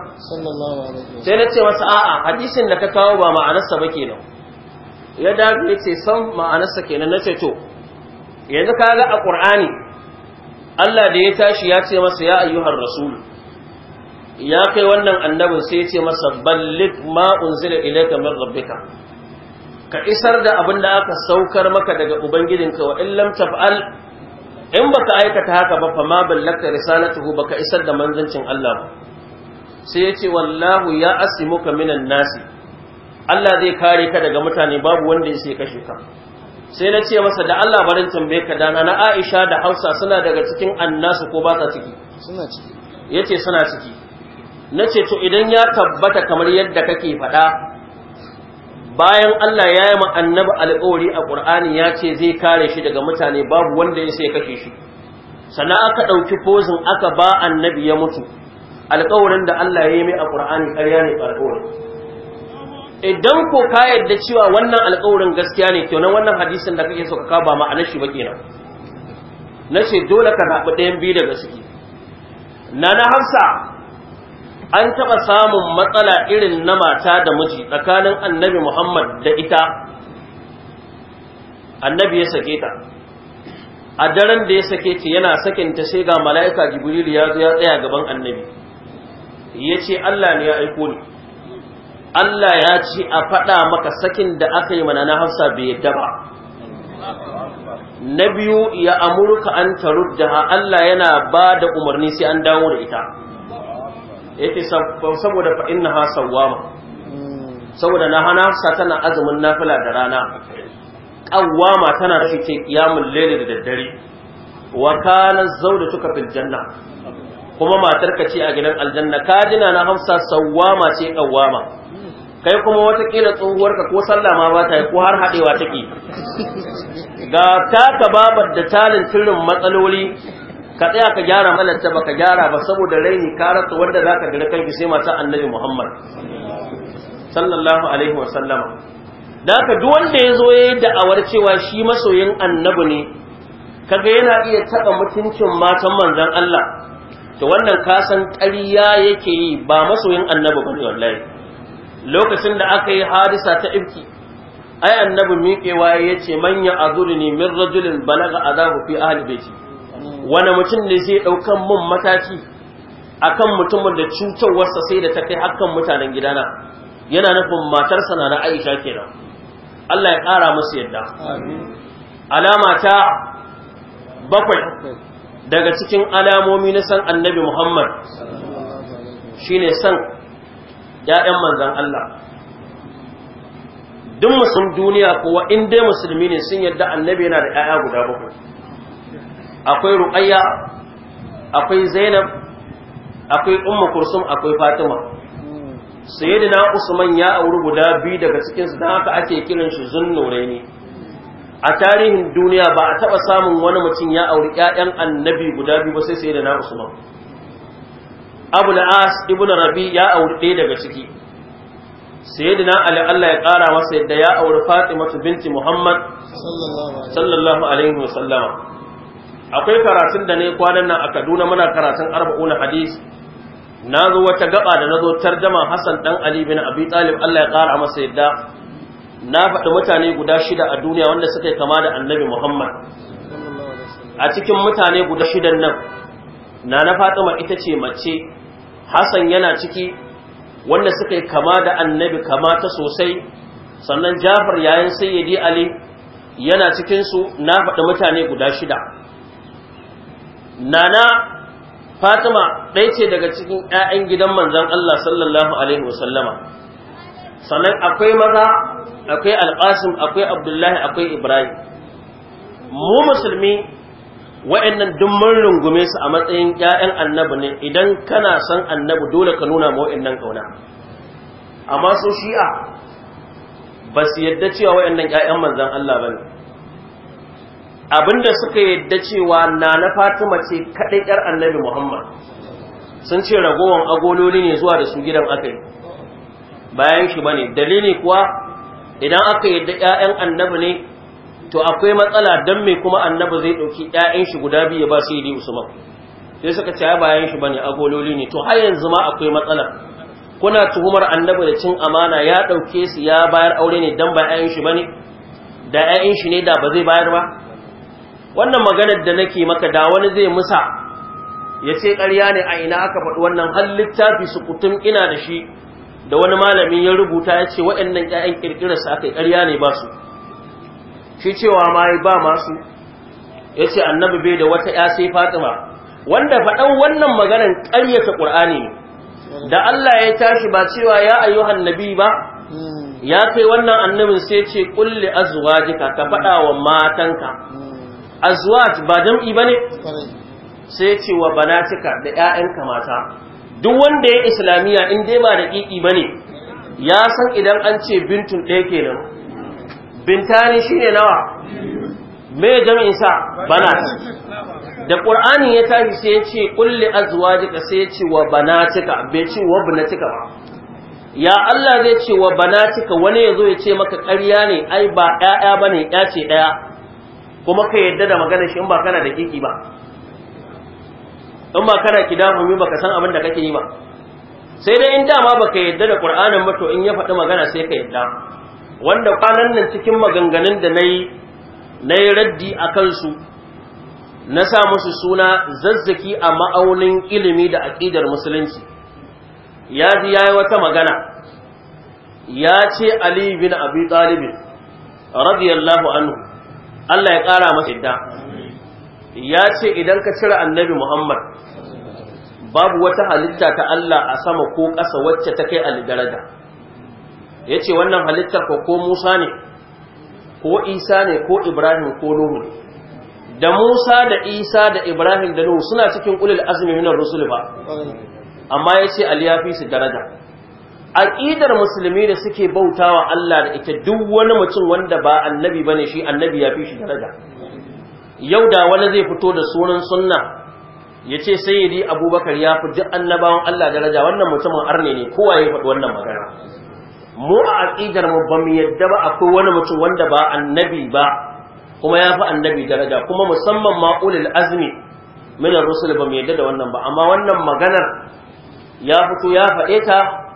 sai na ce masa a'a hadisin da ka kawo ba ma'anarsa ba kenan ya da ya ce san ma'anarsa kenan na ce to yanzu ka ga a ƙur'ani Allah da ya tashi ya ce masa ya ayyuhar rasulu ya kai wannan annabin sai ya ce masa ballik ma unzila ilayka min rabbika ka isar da abin da aka saukar maka daga ubangijinka wa in lam taf'al in baka aikata haka ba fa ma ballaka risalatuhu baka isar da manzancin Allah sai ya ce wallahu ya asimuka minan nasi Allah zai kare ka daga mutane babu wanda ya sai kashe ka sai na ce masa da Allah barin tambaye ka dana na Aisha da Hausa suna daga cikin annasu ko ba ta ciki suna ciki yace suna ciki na ce to idan ya tabbata kamar yadda kake faɗa bayan Allah ya yi annabi alƙawari a ƙur'ani ya ce zai kare shi daga mutane babu wanda ya sai kake shi sana aka ɗauki fozin aka ba annabi ya mutu alƙawarin da Allah ya yi mai a ƙur'ani ƙarya ne alƙawari idan ko ka yadda cewa wannan alƙawarin gaskiya ne na wannan hadisin da kake so ka ba ma'anar shi ba kenan na ce dole ka zaɓi ɗayan biyu daga ciki na na hafsa an taɓa samun matsala irin na mata da miji tsakanin annabi Muhammad da ita annabi ya sake ta a daren da ya sake ta yana sakinta sai ga mala'ika jibril ya zo ya tsaya gaban annabi ya ce Allah ne ya aiko ni Allah ya ce a faɗa maka sakin da aka yi mana na hafsa bai yadda ba na biyu ya amurka an tarudda Allah yana bada umarni sai an dawo da ita yake saboda fa ha sawama saboda na hana sa tana azumin nafila da rana qawwama tana da take qiyamul layl da daddare wa kana zawdatuka fil janna kuma matarka ce a gidan aljanna kadina na hamsa sawama ce qawwama kai kuma wata tsohuwar tsohuwarka ko sallah ma ba ta yi ko har haɗewa take ga ka babar da talin tirin matsaloli ka tsaya ka gyara malarta ba ka gyara ba saboda raini karatu wanda za ka gari kanki sai mata annabi muhammad sallallahu alaihi wasallama da ka duk wanda ya zo ya yi da'awar cewa shi masoyin annabi ne kaga yana iya taɓa mutuncin matan manzon allah to wannan kasan ƙarya yake yi ba masoyin annabi ba ne lokacin da aka yi hadisa ta ibki ai annabi miƙewa ya ce manya azuri ne min rajulin balaga azabu fi ahli baiti wani mutum ne zai ɗaukan mun mataki kan mutumin da cutarwarsa sai da ta kai hakan mutanen gidana yana nufin matarsa na na aisha kenan Allah ya ƙara musu yadda alama ta bakwai daga cikin alamomi na san annabi Muhammad shine san ‘ya'yan manzan Allah duk musulmi duniya kowa in dai musulmi ne sun yadda annabi yana da ‘ya'ya guda bakwai akwai ruqayya akwai zainab akwai ummu kursum akwai fatima sayyidina usman ya auri guda biyu daga cikin su haka ake kiran shi zunnuraini a tarihin duniya ba a taɓa samun wani mutum ya auri ƴaƴan annabi guda biyu ba sai sayyidina usman abu as ibn rabi ya auri ɗaya daga ciki sayyidina ali Allah ya ƙara masa yadda ya auri fatimatu binti muhammad sallallahu alaihi wasallama akwai karatun da ne kwanan nan a Kaduna muna karatun arba'una hadis na zo wata gaba da nazo tarjama Hassan dan Ali bin Abi Talib Allah ya kara masa yadda na faɗi mutane guda shida a duniya wanda suka yi kama da Annabi Muhammad a cikin mutane guda shidan nan na na Fatima ita ce mace Hassan yana ciki wanda suka yi kama da Annabi kamata sosai sannan Jafar yayin Sayyidi Ali yana cikin su na faɗi mutane guda shida nana fatima ɗaya ce daga cikin 'ya'yan gidan manzan Allah sallallahu alaihi wasallama sannan akwai maza akwai alƙasim akwai abdullahi akwai ibrahim mu musulmi wa'annan duk mun rungume su a matsayin 'ya'yan annabi ne idan kana son annabi dole ka nuna ma wa'annan ƙauna amma su shi'a ba su yadda cewa wa'annan 'ya'yan manzan Allah ba ne abinda suka yadda cewa na na fatima ce kaɗai ƴar annabi muhammad sun ce ragowan agololi ne zuwa da su gidan aka yi bayan shi bane dalili kuwa idan aka yadda ƴaƴan annabi ne to akwai matsala dan me kuma annabi zai dauki ƴaƴan shi guda biyu ba su yi usman sai suka ce bayan shi bane agololi ne to har yanzu ma akwai matsala kuna tuhumar annabi da cin amana ya ɗauke su ya bayar aure ne dan ba ƴaƴan shi bane da ƴaƴan shi ne da ba zai bayar ba wannan maganar da nake maka da wani zai musa ya ce ƙarya ne a ina aka faɗi wannan har littafi su kutum ina da shi da wani malami ya rubuta ya ce waɗannan ƴaƴan ƙirƙirar sa aka ƙarya ne ba su shi cewa ma ba masu ya ce annabi bai da wata 'ya sai fatima wanda faɗan wannan maganar ta ƙur'ani ne da Allah ya tashi ba cewa ya ayyuhan nabi ba ya kai wannan annabin sai ce azuwa jika, ka faɗa wa matanka azwat ba jam'i bane sai ce wa banatika da ƴaƴanka mata duk wanda ya islamiya in dai ba da kiki bane ya san idan an ce bintun ɗaya kenan bintani shine nawa me jam'in sa banat da qur'ani ya tashi sai ya ce kulli azwajika sai ya ce wa banatika bai ce wa banatika ba ya Allah zai ce wa banatika wani yazo ya ce maka ƙarya ne ai ba ƴaƴa bane ƴa ce ɗaya kuma ka yadda da magana shi in ba kana da kiki ba in ba kana kidahumi ba ka san abin da kake yi ba sai dai in dama baka yadda da qur'anin ba to in ya faɗi magana sai ka yadda wanda kwanan nan cikin maganganun da nayi nayi raddi a kansu na sa musu suna zazzaki a ma'aunin ilimi da aƙidar musulunci ya ji yayi wata magana ya ce ali bin abi talib radiyallahu anhu Allah ya ƙara masa yadda ya ce idan ka cire annabi Muhammad babu wata halitta ta Allah a sama ko ƙasa wacce ta kai algarada ya ce wannan halittar ko ko Musa ne ko Isa ne ko Ibrahim ko Nuhu da Musa da Isa da Ibrahim da Nuhu suna cikin ƙulil azumi minar rusul ba amma ya ce aliyafi su daraja aqidar musulmi da suke bautawa Allah da ita duk wani mutum wanda ba annabi bane shi annabi ya fi shi daraja yau da wani zai fito da sunan sunna ya ce sayyidi abubakar ya fi duk annabawan Allah daraja wannan mutumin arne ne kowa ya faɗi wannan magana mu a aqidar mu ba mu yadda ba akwai wani mutum wanda ba annabi ba kuma ya fi annabi daraja kuma musamman ma ulul azmi min rusul ba mu yadda da wannan ba amma wannan maganar ya fito ya faɗe ta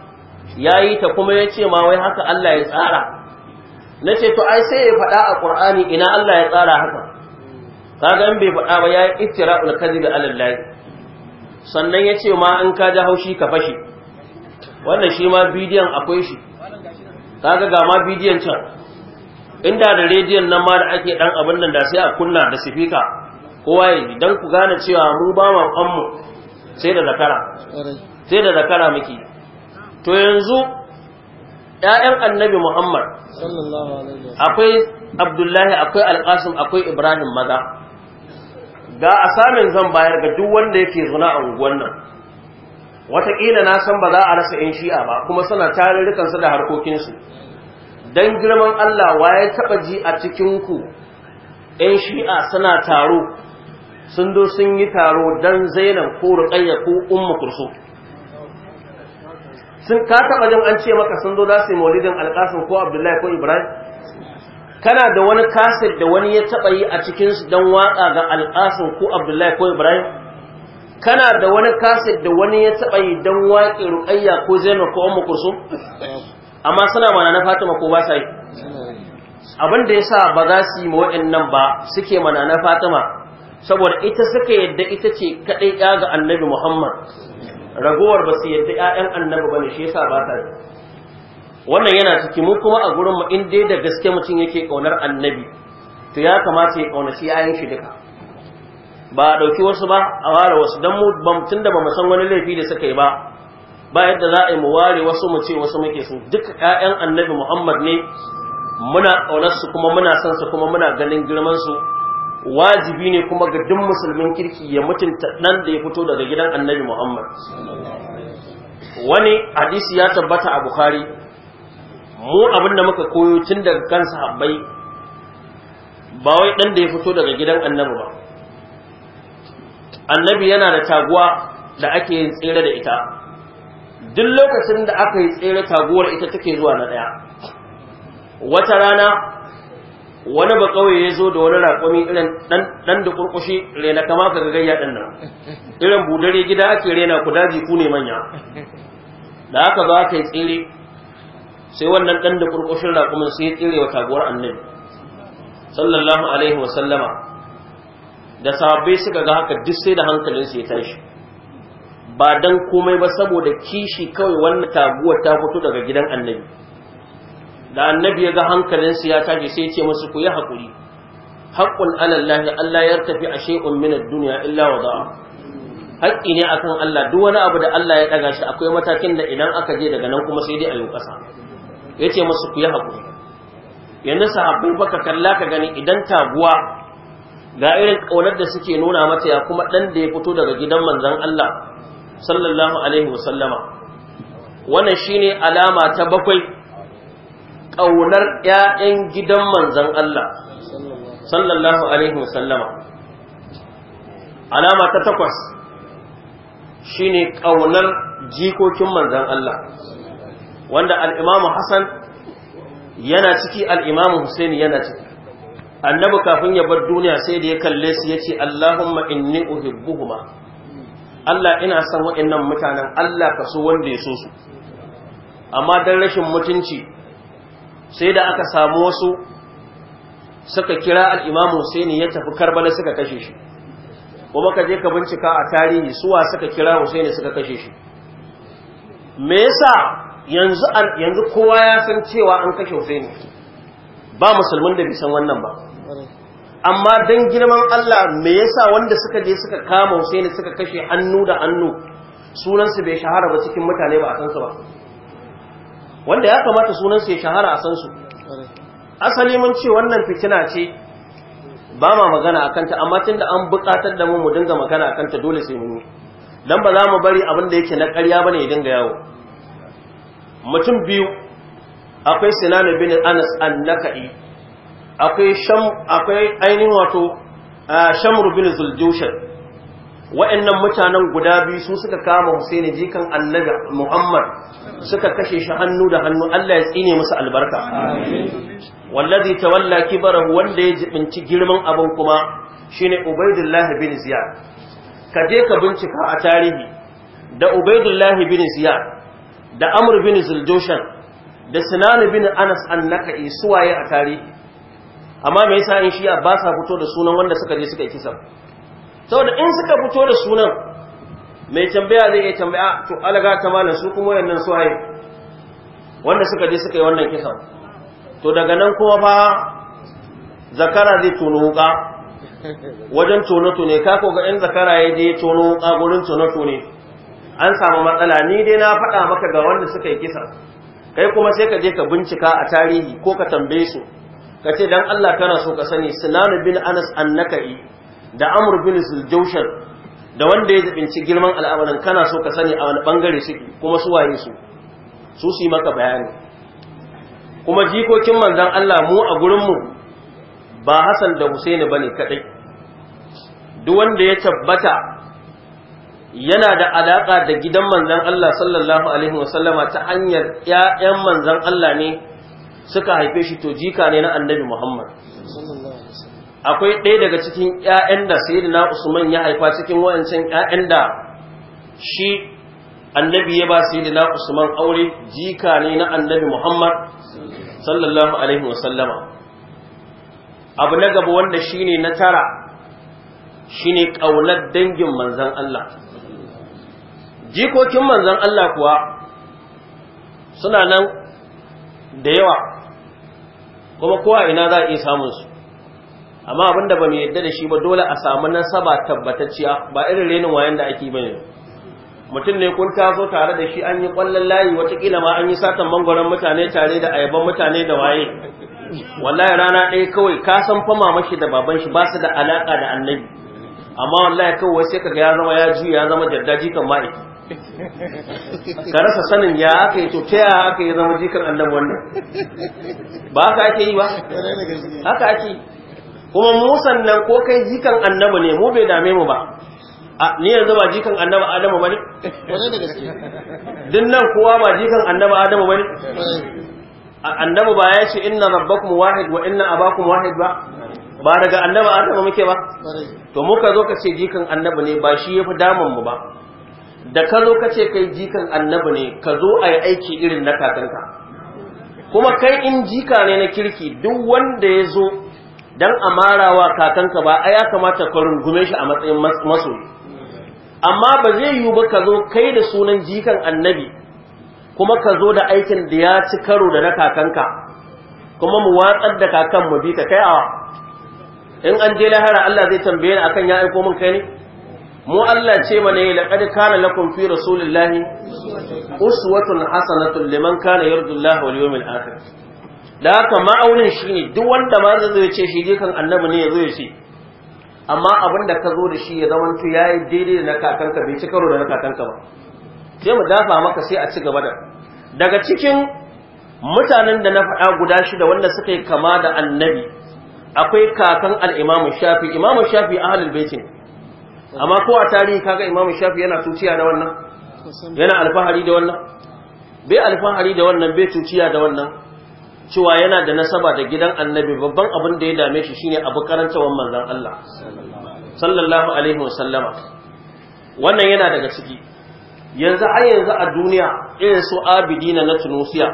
ya yi ta kuma ya ce ma wai haka Allah ya tsara na ce to ai sai ya faɗa a ƙur'ani ina Allah ya tsara haka kaga in bai faɗa ba ya yi iftira'ul kadhibi ga lahi sannan ya ce ma in ka ji haushi ka fashe wannan shi ma bidiyon akwai shi kaga ga ma bidiyon can inda da rediyon nan ma da ake dan abin nan da sai a kunna da sifika kowa ya ji dan ku gane cewa mu ba ma sai da zakara sai da muke to yanzu ‘ya'yan annabi Muhammad akwai Abdullahi akwai Alƙasim akwai Ibrahim maza ga a samun zan bayar ga duk wanda yake zuna a unguwan nan wataƙila na san ba za a rasa ‘yan shi'a ba kuma suna tarurrukansu da harkokinsu don girman Allah wa ya taɓa ji a cikinku ‘yan shi'a suna taro sun do sun yi taro don zainab ko ruƙayya ko umma kursu. sun ka taɓa jin an ce maka sun zo za su yi maulidin alƙasin ko abdullahi ko ibrahim kana da wani kasir da wani ya taɓa yi a cikinsu don waka ga alƙasin ko abdullahi ko ibrahim kana da wani kasir da wani ya taɓa yi don waƙe ruqayya ko zainab ko ummu kursum amma suna mana na fatima ko ba sa yi abin da yasa ba za su yi ma waɗannan ba suke mana na fatima saboda ita suka yadda ita ce kaɗai ya ga annabi muhammad Raguwar ba su yadda 'ya'yan annabi ne shi yasa ba ta wannan yana ciki mu kuma a gurin mu in dai da gaske mutum yake ƙaunar annabi to ya kamata ya shi yayan shi duka ba a ɗauki wasu ba a ware wasu don mu da ba mu san wani laifi da suka yi ba ba yadda za a yi mu ware wasu mu ce wasu muke su duk 'ya'yan annabi Muhammad ne muna ƙaunar su kuma muna son su kuma muna ganin girman su wajibi ne kuma ga duk musulmin kirki ya mutunta dan da ya fito daga gidan annabi Muhammad wani hadisi ya tabbata a Bukhari mu abinda muka koyo tun daga kan sahabbai ba wai dan da ya fito daga gidan annabi ba annabi yana da taguwa da ake yin tsere da ita duk lokacin da aka yi tsere taguwar ita take zuwa na daya wata rana wani ba kawai ya zo da wani raƙumi irin ɗan da kurkushi rena kama ka gayya ɗin nan irin budare gida ake rena ku daji ku ne manya da aka zo aka yi tsere sai wannan ɗan da kurkushin raƙumin sai ya tsere wa taguwar annabi sallallahu alaihi wa sallama da sahabbai suka ga haka duk sai da hankalinsu ya tashi ba dan komai ba saboda kishi kawai wannan taguwar ta fito daga gidan annabi da annabi ya ga hankalinsu ya tashi sai ce musu ku yi haƙuri haƙƙun alallahi Allah ya tafi a shay'un min ad-dunya illa wada'a haƙƙi ne akan Allah duk wani abu da Allah ya daga shi akwai matakin da idan aka je daga nan kuma sai dai a yi ƙasa yace musu ku yi haƙuri yanzu sahabbai baka kalla ka gani idan taguwa ga irin ƙaunar da suke nuna mata ya kuma ɗan da ya fito daga gidan manzon Allah sallallahu alaihi wasallama wannan shine alama ta bakwai ƙaunar ‘ya'yan gidan manzan Allah, sallallahu Alaihi wasallama. Alama ta takwas shine ne ƙaunar jikokin manzan Allah, wanda al'imamu Hassan yana ciki al'imamu Hussein yana ciki. Annabi kafin ya bar duniya sai da ya kalle su ya ce, Allahumma inni uhibbuhuma. Allah ina son waɗannan mutanen Allah ka so wanda ya so su. Amma don rashin mutunci sai da aka samu wasu suka kira al'imamu ne ya tafi karbala suka kashe shi kuma ka je ka bincika a tarihi suwa suka kira Husaini suka kashe shi me yasa yanzu yanzu kowa ya san cewa an kashe Husaini ba musulmin da bai san wannan ba amma don girman Allah me yasa wanda suka je suka kama Husaini suka kashe hannu da hannu sunansu bai shahara ba cikin mutane ba a san ba wanda ya kamata sunansu ya shahara a sansu. su asali mun ce wannan fitina ce ba ma magana a kanta amma tun da an buƙatar da mu mu dinga magana a kanta dole sai mun yi dan ba za mu bari abin da yake na ƙarya bane ya dinga yawo mutum biyu akwai sinan bin anas an-naka'i akwai sham ainihin wato shamru bin zuljushar wa'annan mutanen guda biyu sun suka kama Husaini jikan annabi Muhammad suka kashe shi hannu da hannu Allah ya tsine musu albarka wallazi tawalla kibarahu wanda ya jibinci girman abin kuma shine Ubaidullah bin Ziyad ka je ka bincika a tarihi da Ubaidullah bin Ziyad da Amr bin Zuljoshan da Sinan bin Anas annaka'i suwaye a tarihi amma me yasa in shi ba sa fito da sunan wanda suka je suka yi kisan saboda in suka fito da sunan mai tambaya zai iya tambaya to alaga ta malam su kuma wayannan su haye wanda suka je suka yi wannan kisan to daga nan kuma fa zakara zai tono wuka wajen tono tone ka koga ga in zakara ya je tono wuka gurin tono tone an samu matsala ni dai na faɗa maka ga wanda suka yi kisa. kai kuma sai ka je ka bincika a tarihi ko ka tambaye su ka ce dan Allah kana so ka sani Sinanu bin Anas annaka'i da amur bin zuljaushar da wanda ya zabinci girman al'amarin kana so ka sani a wani bangare suke kuma su waye su su su yi maka bayani kuma jikokin manzan Allah mu a gurinmu ba Hassan da Husaini ne kaɗai duk wanda ya tabbata yana da alaƙa da gidan manzan Allah sallallahu alaihi wasallama ta hanyar 'ya'yan manzan Allah ne suka haife shi to jika ne na annabi Muhammad akwai ɗaya daga cikin ‘ya'yan da sayyidina Usman ya haifa cikin wa'ancin ‘ya'yan da shi annabi ya ba sayyidina Usman aure jika ne na annabi Muhammad sallallahu alaihi wasallama abu na gaba wanda shi ne na tara shi ne ƙaunar dangin manzan Allah jikokin manzan Allah kuwa suna nan da yawa kuma kowa ina za a iya samunsu amma abin da ba mu yadda da shi ba dole a samu nasaba tabbatacciya ba irin renin wayan da ake bane mutum ne kun taso tare da shi an yi kwallon layi watakila ma an yi satan mangoron mutane tare da ayaban mutane da waye wallahi rana ɗaya kawai ka san fama mashi da baban shi ba su da alaka da annabi amma wallahi kawai sai kaga ya zama ya juya ya zama jaddaji kan ma'i ka rasa sanin ya aka yi to ta ya aka yi zama jikan annabi wannan ba haka ake yi ba haka ake yi kuma musan nan ko kai jikan annaba ne mu bai dame mu ba a ni yanzu ba jikan annaba adamu bane din nan kowa ba jikan annaba adamu bane Annaba ba ya ce inna rabbakum wahid wa inna abakum wahid ba ba daga annaba adamu muke ba to muka zo ka ce jikan annaba ne ba shi yafi damun mu ba da ka zo ka ce kai jikan annaba ne ka zo a yi aiki irin na kakanka kuma kai in jika ne na kirki duk wanda ya zo dan a wa kakanka ba a ya kamata ka rungume shi a matsayin maso amma ba zai yiwu ba ka zo kai da sunan jikan annabi kuma ka zo da aikin da ya ci karo da na kakanka kuma mu watsar da kakan mu bi ka kai a in an je lahara Allah zai tambaye ni akan ya aiko min kai ne mu Allah ce mana ya laqad kana lakum fi rasulillahi uswatun hasanatun liman kana yardullahi wal yawmil akhir da haka ma'aunin ne duk wanda ma zai ce shi jikan annabi ne ya zo ya ce amma abin da ka zo da shi ya zamanto ya yi daidai da na kakanka bai ci karo da na kakanka ba sai mu dafa maka sai a ci gaba da daga cikin mutanen da na faɗa guda shida wanda suka yi kama da annabi akwai kakan al'imamu shafi imamu shafi ahalul baitin amma ko a tarihi kaga imamu shafi yana tuciya da wannan yana alfahari da wannan bai alfahari da wannan bai tuciya da wannan cewa yana da nasaba da gidan annabi babban abin da ya dame shi shine abu karanta karantawan manzon Allah sallallahu alaihi wasallama wannan yana daga ciki yanzu a yanzu a duniya irin su abidina na tunusiya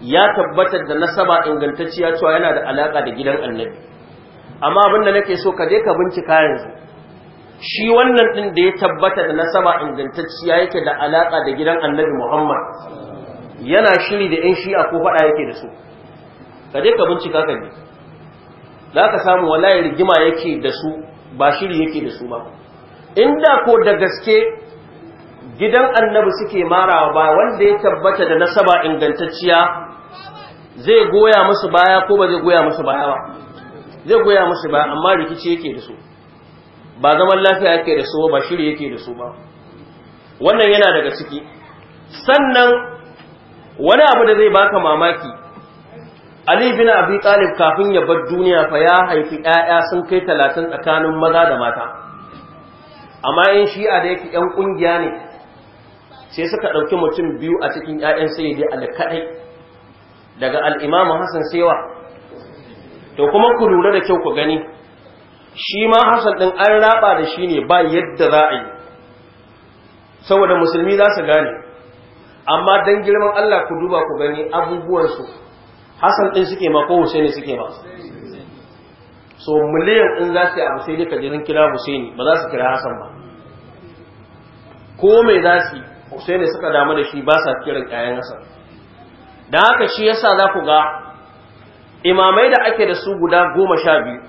ya tabbatar da nasaba ingantacciya cewa yana da alaka da gidan annabi amma abin da nake so ka je ka bincika yanzu shi wannan din da ya tabbata da nasaba ingantacciya yake da alaka da gidan annabi Muhammad yana shiri da ‘yan shi'a ko faɗa yake da su ka je ka bincika ka ne za ka samu wallahi rigima yake da su ba shiri yake da su ba inda ko da gaske gidan annabi suke marawa ba wanda ya tabbata da nasaba ingantacciya zai goya musu baya ko ba zai goya musu baya ba zai goya musu baya amma rikici yake da su ba zaman lafiya yake da su ba shiri yake da su ba wannan yana daga ciki sannan wani abu da zai baka mamaki Ali bin Abi Talib kafin ya bar duniya fa ya haifi ƴaƴa sun kai talatin tsakanin maza da mata amma yan shi'a da yake 'yan ƙungiya ne sai suka ɗauki mutum biyu a cikin ƴaƴan sayyidi alkaɗai daga al-Imam Hassan Sewa to kuma ku lura da kyau ku gani shi ma Hassan ɗin an raba da shi ne ba yadda za a yi saboda musulmi za su gane amma dan girman Allah ku duba ku gani abubuwansu Hassan din suke ma ko Husaini suke ma so miliyan in za su yi abu sai ka jirin kira Husaini ba za su kira Hassan ba ko mai za su Husaini suka damu da shi ba sa kiran ƴaƴan Hassan da haka shi yasa za ku ga imamai da ake da su guda goma sha biyu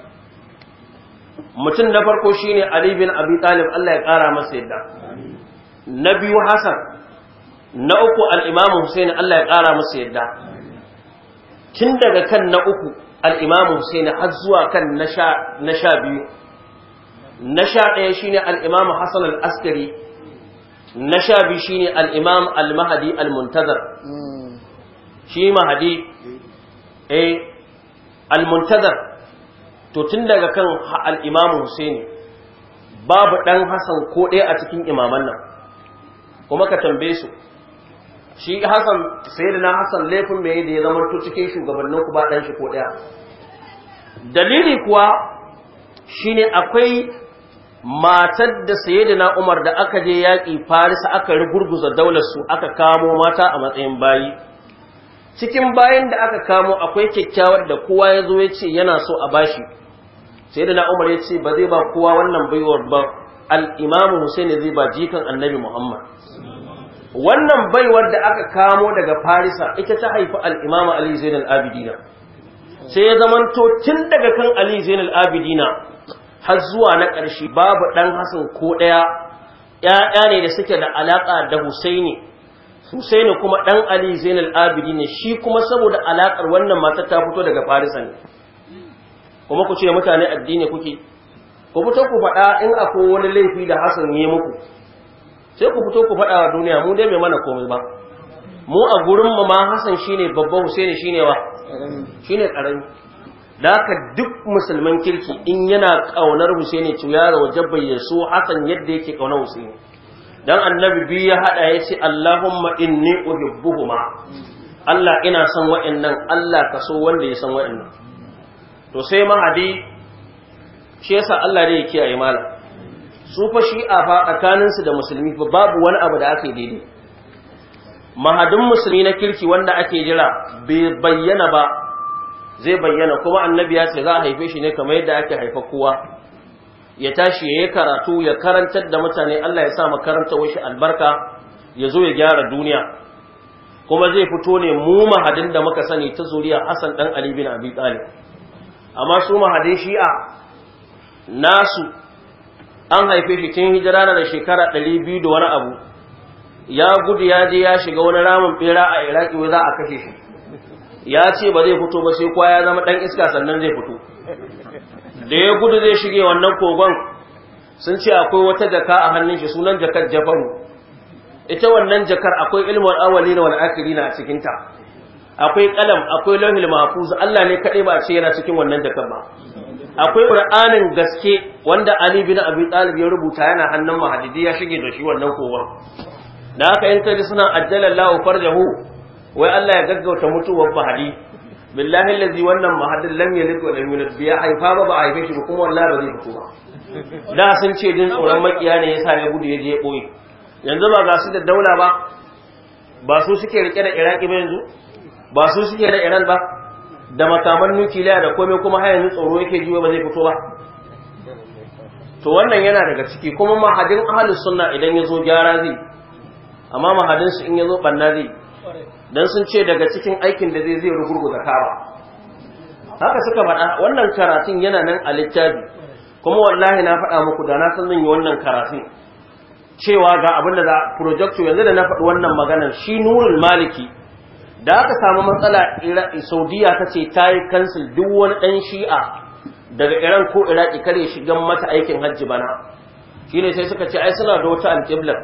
mutum na farko shine Ali bin Abi Talib Allah ya kara masa yadda na biyu Hassan na uku al'imamu Husaini Allah ya kara masa yadda tun daga kan na uku al'imamu Hussein har zuwa kan na sha biyu na sha ɗaya shi ne al'imamu Hassan al'askari na sha biyu shi ne al'imam al-mahadi al-muntazar shi mahadi eh al-muntazar to tun daga kan al'imamu Hussein babu ɗan Hassan ko ɗaya a cikin imaman nan kuma ka tambaye su shi Hassan na Hassan laifin mai da ya zama to cikin shugabannin ku ba dan shi ko ɗaya. dalili kuwa shine akwai matar da sayyidina Umar da aka je yaki Farisa aka rugurguza daular su aka kamo mata a matsayin bayi cikin bayan da aka kamo akwai kyakkyawar da kowa ya zo ya ce yana so a bashi sayyidina Umar ya ce ba zai ba kowa wannan baiwar ba al-Imam Hussein zai ba jikan Annabi Muhammad wannan baiwar da aka kamo daga farisa ita ta haifi al'imama ali zainal abidina sai ya zamanto tun daga kan ali zainal abidina har zuwa na ƙarshe babu ɗan Hassan ko ɗaya ‘ya'ya ne da suke da alaƙa da husaini husaini kuma ɗan ali zainal abidina shi kuma saboda alaƙar wannan matar ta fito daga farisa ne kuma ku ce mutane addini kuke ku fito ku faɗa in akwai wani laifi da hasan ya muku sai ku fito ku faɗa duniya mu dai bai mana komai ba mu a gurin mu ma Hassan shine babba Husaini shine wa shine karami da duk musulman kirki in yana kaunar Husaini to ya wajen jabbai so Hassan yadda yake kaunar Husaini dan annabi bi ya hada ya ce Allahumma inni uhibbuhuma Allah ina son wa'annan Allah ka so wanda ya san wa'annan to sai hadi shi yasa Allah ne ya kiyaye malam su fa shi'a fa tsakaninsu da musulmi fa babu wani abu da ake daidai mahadin musulmi na kirki wanda ake jira bai bayyana ba zai bayyana kuma annabi ya ce za a haife shi ne kamar yadda ake haifa kowa ya tashi ya yi karatu ya karantar da mutane Allah ya sa makaranta washi albarka ya zo ya gyara duniya kuma zai fito ne mu mahadin da muka sani ta zuriya Hassan dan Ali bin Abi Talib amma su mahadin Shi'a nasu an haife shi tun hijira na da shekara ɗari biyu da wani abu ya gudu ya je ya shiga wani ramin bera a iraki wai za a kashe shi ya ce ba zai fito ba sai kwa ya zama ɗan iska sannan zai fito da ya gudu zai shige wannan kogon sun ce akwai wata jaka a hannun shi sunan jakar jafaru ita wannan jakar akwai ilmin awali da wani akiri na cikinta. akwai kalam akwai lauhil mahfuz Allah ne kadai ba ce yana cikin wannan jakar ba akwai qur'anin gaske wanda ali bin abi talib ya rubuta yana hannun mahadidi ya shige da shi wannan kowar da haka in kaji suna ajjala lahu farjahu wai Allah ya gaggauta mutuwar mahadi billahi allazi wannan mahadin lam yalid wa lam yulad bi haifa ba ba haife shi kuma wallahi ba zai fito ba da sun ce din tsoron makiya ne yasa ya gudu ya je boye yanzu ba ga su da daula ba ba su suke rike da iraki ba yanzu ba su suke da iran ba da makaman nukiliya da komai kuma har yanzu tsoro yake jiwa ba zai fito ba to wannan yana daga ciki kuma mahadin ahlus sunna idan ya zo gyara zai amma mahadin su in ya zo banna zai dan sun ce daga cikin aikin da zai zai rugurguza kaba haka suka faɗa wannan karatun yana nan a littafi kuma wallahi na faɗa muku da na san zan yi wannan karatun cewa ga abin da za projecto yanzu da na faɗi wannan maganar shi nurul maliki da aka samu matsala saudiya ta ce ta yi kansil duk wani ɗan shi'a daga iran ko iraki kare shigan mata aikin hajji bana shi ne sai suka ce ai suna da wata alƙiblar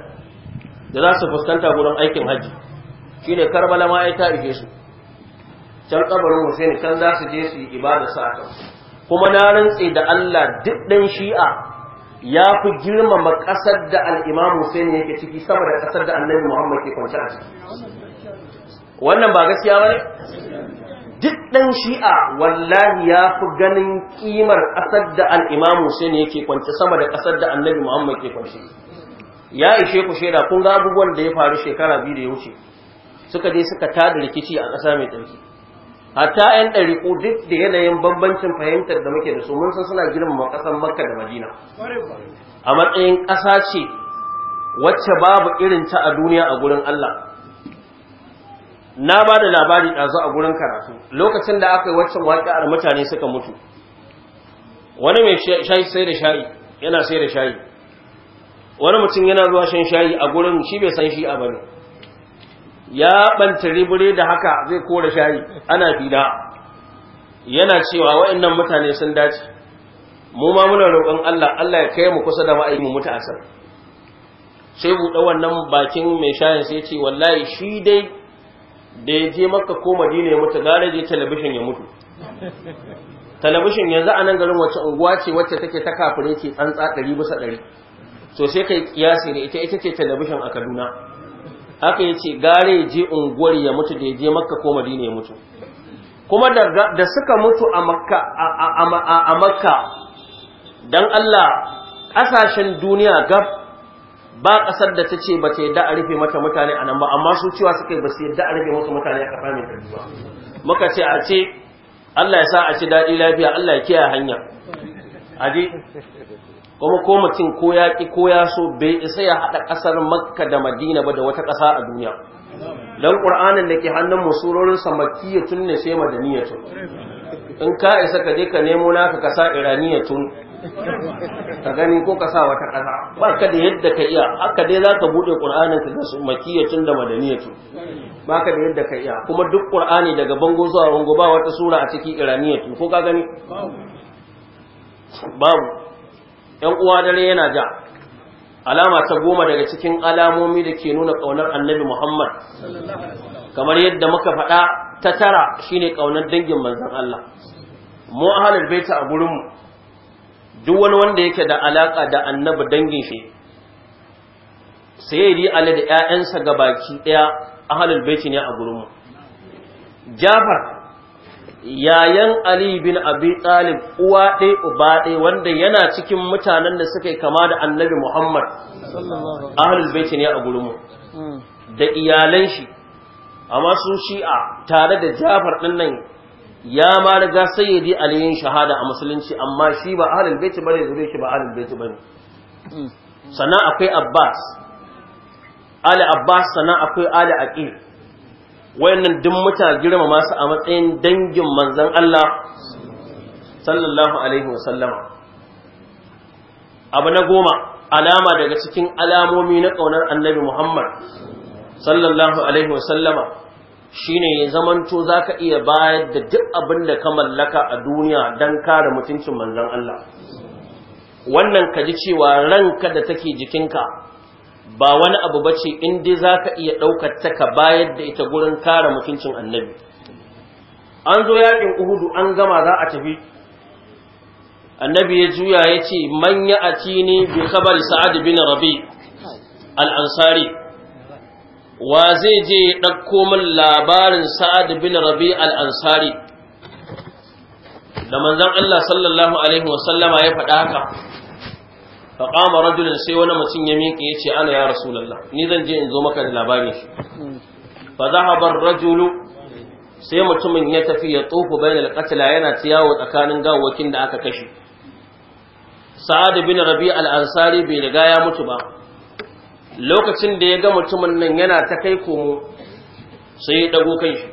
da za su fuskanta gurin aikin hajji shi ne karbala ma ya ta su can kabarin husaini kan za su je su yi ibada su a kuma na rantse da allah duk ɗan shi'a ya fi girmama ƙasar da al'imam husaini yake ciki sama da ƙasar da annabi muhammad ke kwanci a ciki wannan ba gaskiya ba ne duk ɗan shi'a wallahi ya fi ganin ƙimar ƙasar da al'imamu sai ne yake kwanci sama da ƙasar da annabi muhammad ke kwanci ya ishe ku shaida kun ga abubuwan da ya faru shekara biyu da ya wuce suka je suka ta da rikici a ƙasa mai tsarki hatta 'yan ɗariƙo duk da yanayin bambancin fahimtar da muke da su mun san suna girmama ƙasar makka da madina a matsayin ƙasa ce wacce babu irin ta a duniya a gurin allah na ba da labari ɗazu a gurin karatu lokacin da aka yi waccan waƙi'ar mutane suka mutu wani mai shayi sai da shayi yana sai da shayi wani mutum yana zuwa shan shayi a gurin shi bai san shi a bane ya ɓanta ribire da haka zai kora shayi ana fida yana cewa wa'annan mutane sun dace mu ma muna roƙon Allah Allah ya kai mu kusa da ma'aikin mu mutu asar sai buɗe wannan bakin mai shayin sai ce wallahi shi dai da ya je maka ko madina ya mutu gara je talabishin ya mutu talabishin yanzu a nan garin wacce unguwa ce wacce take ta kafure ce tsantsa ɗari bisa ɗari so sai kai kiyasi da ita ita ce talabishin a kaduna haka ya ce gara ya je unguwar ya mutu da ya je maka ko madina ya mutu kuma da suka mutu a makka don Allah ƙasashen duniya gab ba ƙasar da ta ce ba ta yadda a rufe mata mutane a nan ba amma su cewa suka yi ba su yadda a rufe mata mutane a kafa mai ba muka ce a ce Allah ya sa a ci daɗi lafiya Allah ya kiyaye hanya aje kuma ko mutum ko ya ki ko ya so bai isa ya haɗa ƙasar makka da madina ba da wata ƙasa a duniya don ƙur'anin da ke hannun musulorin sa makiyatun ne sai madaniyatun in ka isa ka je ka nemo naka ka sa iraniyatun ka gani ko ka sa wata ƙasa ba ka da yadda ka iya haka dai za ka buɗe ƙur'anin ka gasu makiyacin da madaniyacin ba ka da yadda ka iya kuma duk ƙur'ani daga bango zuwa bango ba wata sura a ciki iraniyacin ko ka gani babu ‘yan uwa dare yana ja alama ta goma daga cikin alamomi da ke nuna ƙaunar annabi muhammad kamar yadda muka faɗa ta tara shine ƙaunar dangin manzon allah mu ahalul baita a gurinmu duk wani wanda yake da alaka da annabi dangin shi Sai yi ali da ƴaƴansa gabaki daya ahlul baiti ne a gurin mu jafar yayan ali bin abi talib uwa dai uba dai wanda yana cikin mutanen da suka yi kama da annabi muhammad ahlul baiti ne a gurin mu hmm. da iyalan shi amma su shi'a tare da jafar ɗin nan ya ma riga sayyidi aliyin shahada a musulunci amma shi ba ahlul baiti bane zure shi ba ahlul baiti bane sannan akwai abbas ali abbas sannan akwai ali aqil wayannan duk muta girma masu a matsayin dangin manzon Allah sallallahu alaihi wasallam abu na goma alama daga cikin alamomi na ƙaunar annabi Muhammad sallallahu alaihi wasallama shine ya zamanto ka iya bayar da duk abin da ka mallaka a duniya don kare mutuncin manzon Allah wannan ka ji cewa ranka da take jikinka ba wani abu ba ce in dai ka iya ɗaukar ta ka bayar da ita gurin kare mutuncin annabi an zo yaƙin uhudu an gama za a tafi annabi ya juya ya ce manya a atini bi khabari sa'ad bin rabi al-ansari wa zai je ya ɗauko min labarin sa'ad bin rabi al'ansari da manzan Allah sallallahu Alaihi wasallama ya faɗa haka faƙama rajulun sai wani mutum ya miƙe ya ce ana ya rasulallah ni zan je in zo maka da labarin shi fa zahabar rajulu sai mutumin ya tafi ya tsofu da alƙatila yana ciyawo tsakanin gawakin da aka kashe sa'ad bin rabi Ansari bai riga ya mutu ba lokacin da ya ga mutumin nan yana ta kai komo sai ya dago kan shi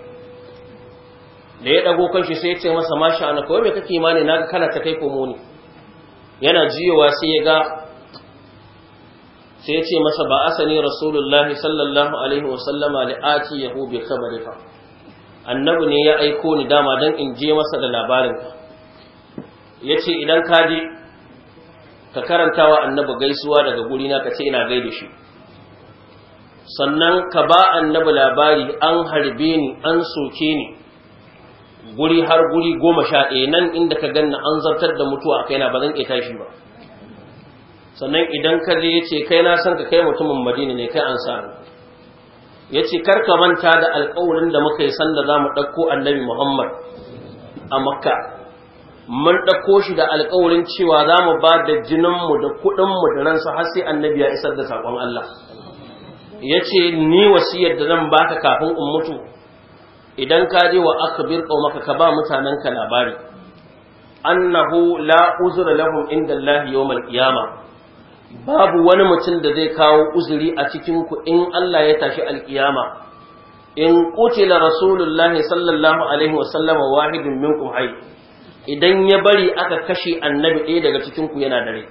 da ya dago kan shi sai ya ce masa masha ana kawai mai kake ma na ga kana ta kai komo ne yana jiyowa sai ya ga sai ya ce masa ba asani rasulullahi sallallahu alaihi wasallama li ati yahu bi khabarika annabi ne ya aiko ni dama dan in je masa da labarin ka yace idan ka je ka karantawa annabi gaisuwa daga gurina ka ce ina gaida shi sannan ka ba annabi labari an harbe ni an soke ni guri har guri goma sha ɗaya nan inda ka ganna an zartar da mutuwa a kaina ba zan iya tashi ba sannan idan ka je yace kai na san ka kai mutumin madina ne kai an sani ya ce kar ka manta da alƙawarin da muka yi sanda za mu ɗauko annabi muhammad a makka mun ɗauko shi da alƙawarin cewa za mu ba da jininmu da kuɗinmu da ransa har sai annabi ya isar da saƙon allah ya ce ni wasiyar da zan baka kafin in mutu idan ka je wa akbir maka ka ba mutanen ka labari annahu la uzra lahum inda Allah yawmal qiyama babu wani mutum da zai kawo uzuri a cikin ku in Allah ya tashi alkiyama in qutila rasulullah sallallahu alaihi wasallam wahidun minkum hay idan ya bari aka kashe annabi ɗaya daga cikin ku yana dare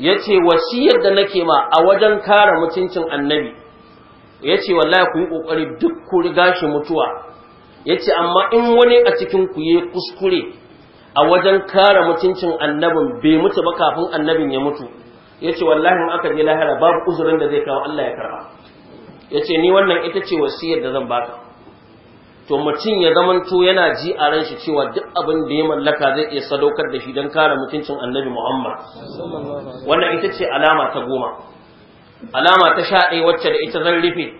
ya ce wasiyar da nake ma a wajen kare mutuncin annabi ya ce wallahi ku yi ƙoƙari duk ku riga shi mutuwa ya ce amma in wani a cikin ku ya kuskure a wajen kare mutuncin annabin bai mutu ba kafin annabin ya mutu ya ce wallahi in aka je lahira babu uzurin da zai kawo Allah ya karba ya ce ni wannan ita ce wasiyar da zan baka to mutum ya zamanto yana ji a ran shi cewa duk abin da ya mallaka zai iya sadaukar da shi don kare mutuncin annabi Muhammad wannan ita ce alama ta goma alama ta sha ɗaya wacce da ita zan rufe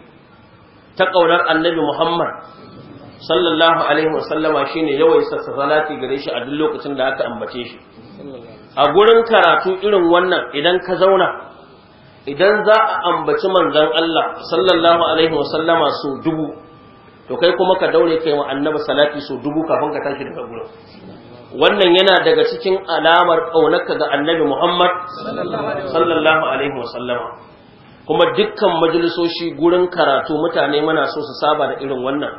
ta ƙaunar annabi Muhammad sallallahu alaihi wasallama shine yawai sassa salati gare shi a duk lokacin da aka ambace shi a gurin karatu irin wannan idan ka zauna idan za a ambaci manzon Allah sallallahu alaihi wasallama su dubu to kai kuma ka daure kai wa annabi salati so dubu kafin ka tashi daga gurin wannan yana daga cikin alamar ƙaunaka ga annabi Muhammad sallallahu alaihi wasallama kuma dukkan majalisoshi gurin karatu mutane muna so su saba da irin wannan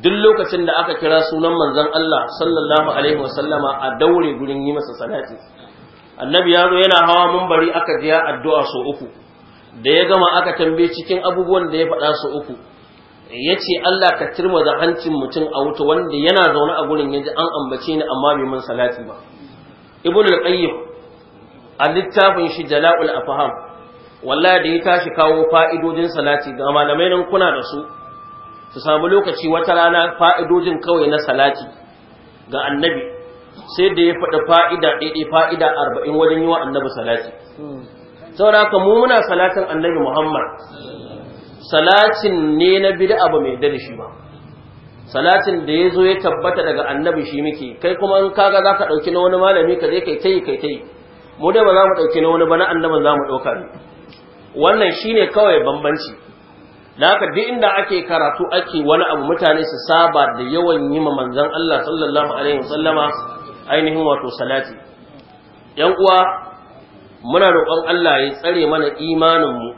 duk lokacin da aka kira sunan manzon Allah sallallahu alaihi wasallama a daure gurin yi masa salati annabi ya zo yana hawa munbari aka ji addu'a so uku da ya gama aka tambaye cikin abubuwan da ya faɗa so uku ya ce Allah ka turma da hancin mutum a wuta wanda yana zaune a gurin yanzu an ambace ni amma bai mun salati ba ibnu al-qayyim a littafin shi jala'ul afham wallahi da ya tashi kawo fa'idodin salati ga malamai nan kuna da su su samu lokaci wata rana fa'idodin kawai na salati ga annabi sai da ya faɗi fa'ida ɗaiɗai fa'ida arba'in wajen yi wa annabi salati hmm. saboda haka mu muna salatin annabi muhammad salatin ne na bid'a ba mai da shi ba salatin da ya zo ya tabbata daga annabi shi muke kai kuma in kaga za ka ɗauki na wani malami ka je kai kai kai kai mu dai ba za mu ɗauki na wani ba na annabin za mu ɗauka ne wannan shine kawai bambanci da haka duk inda ake karatu ake wani abu mutane su saba da yawan yi ma manzon Allah sallallahu alaihi wasallama ainihin wato salati yan uwa muna roƙon Allah ya tsare mana imanin mu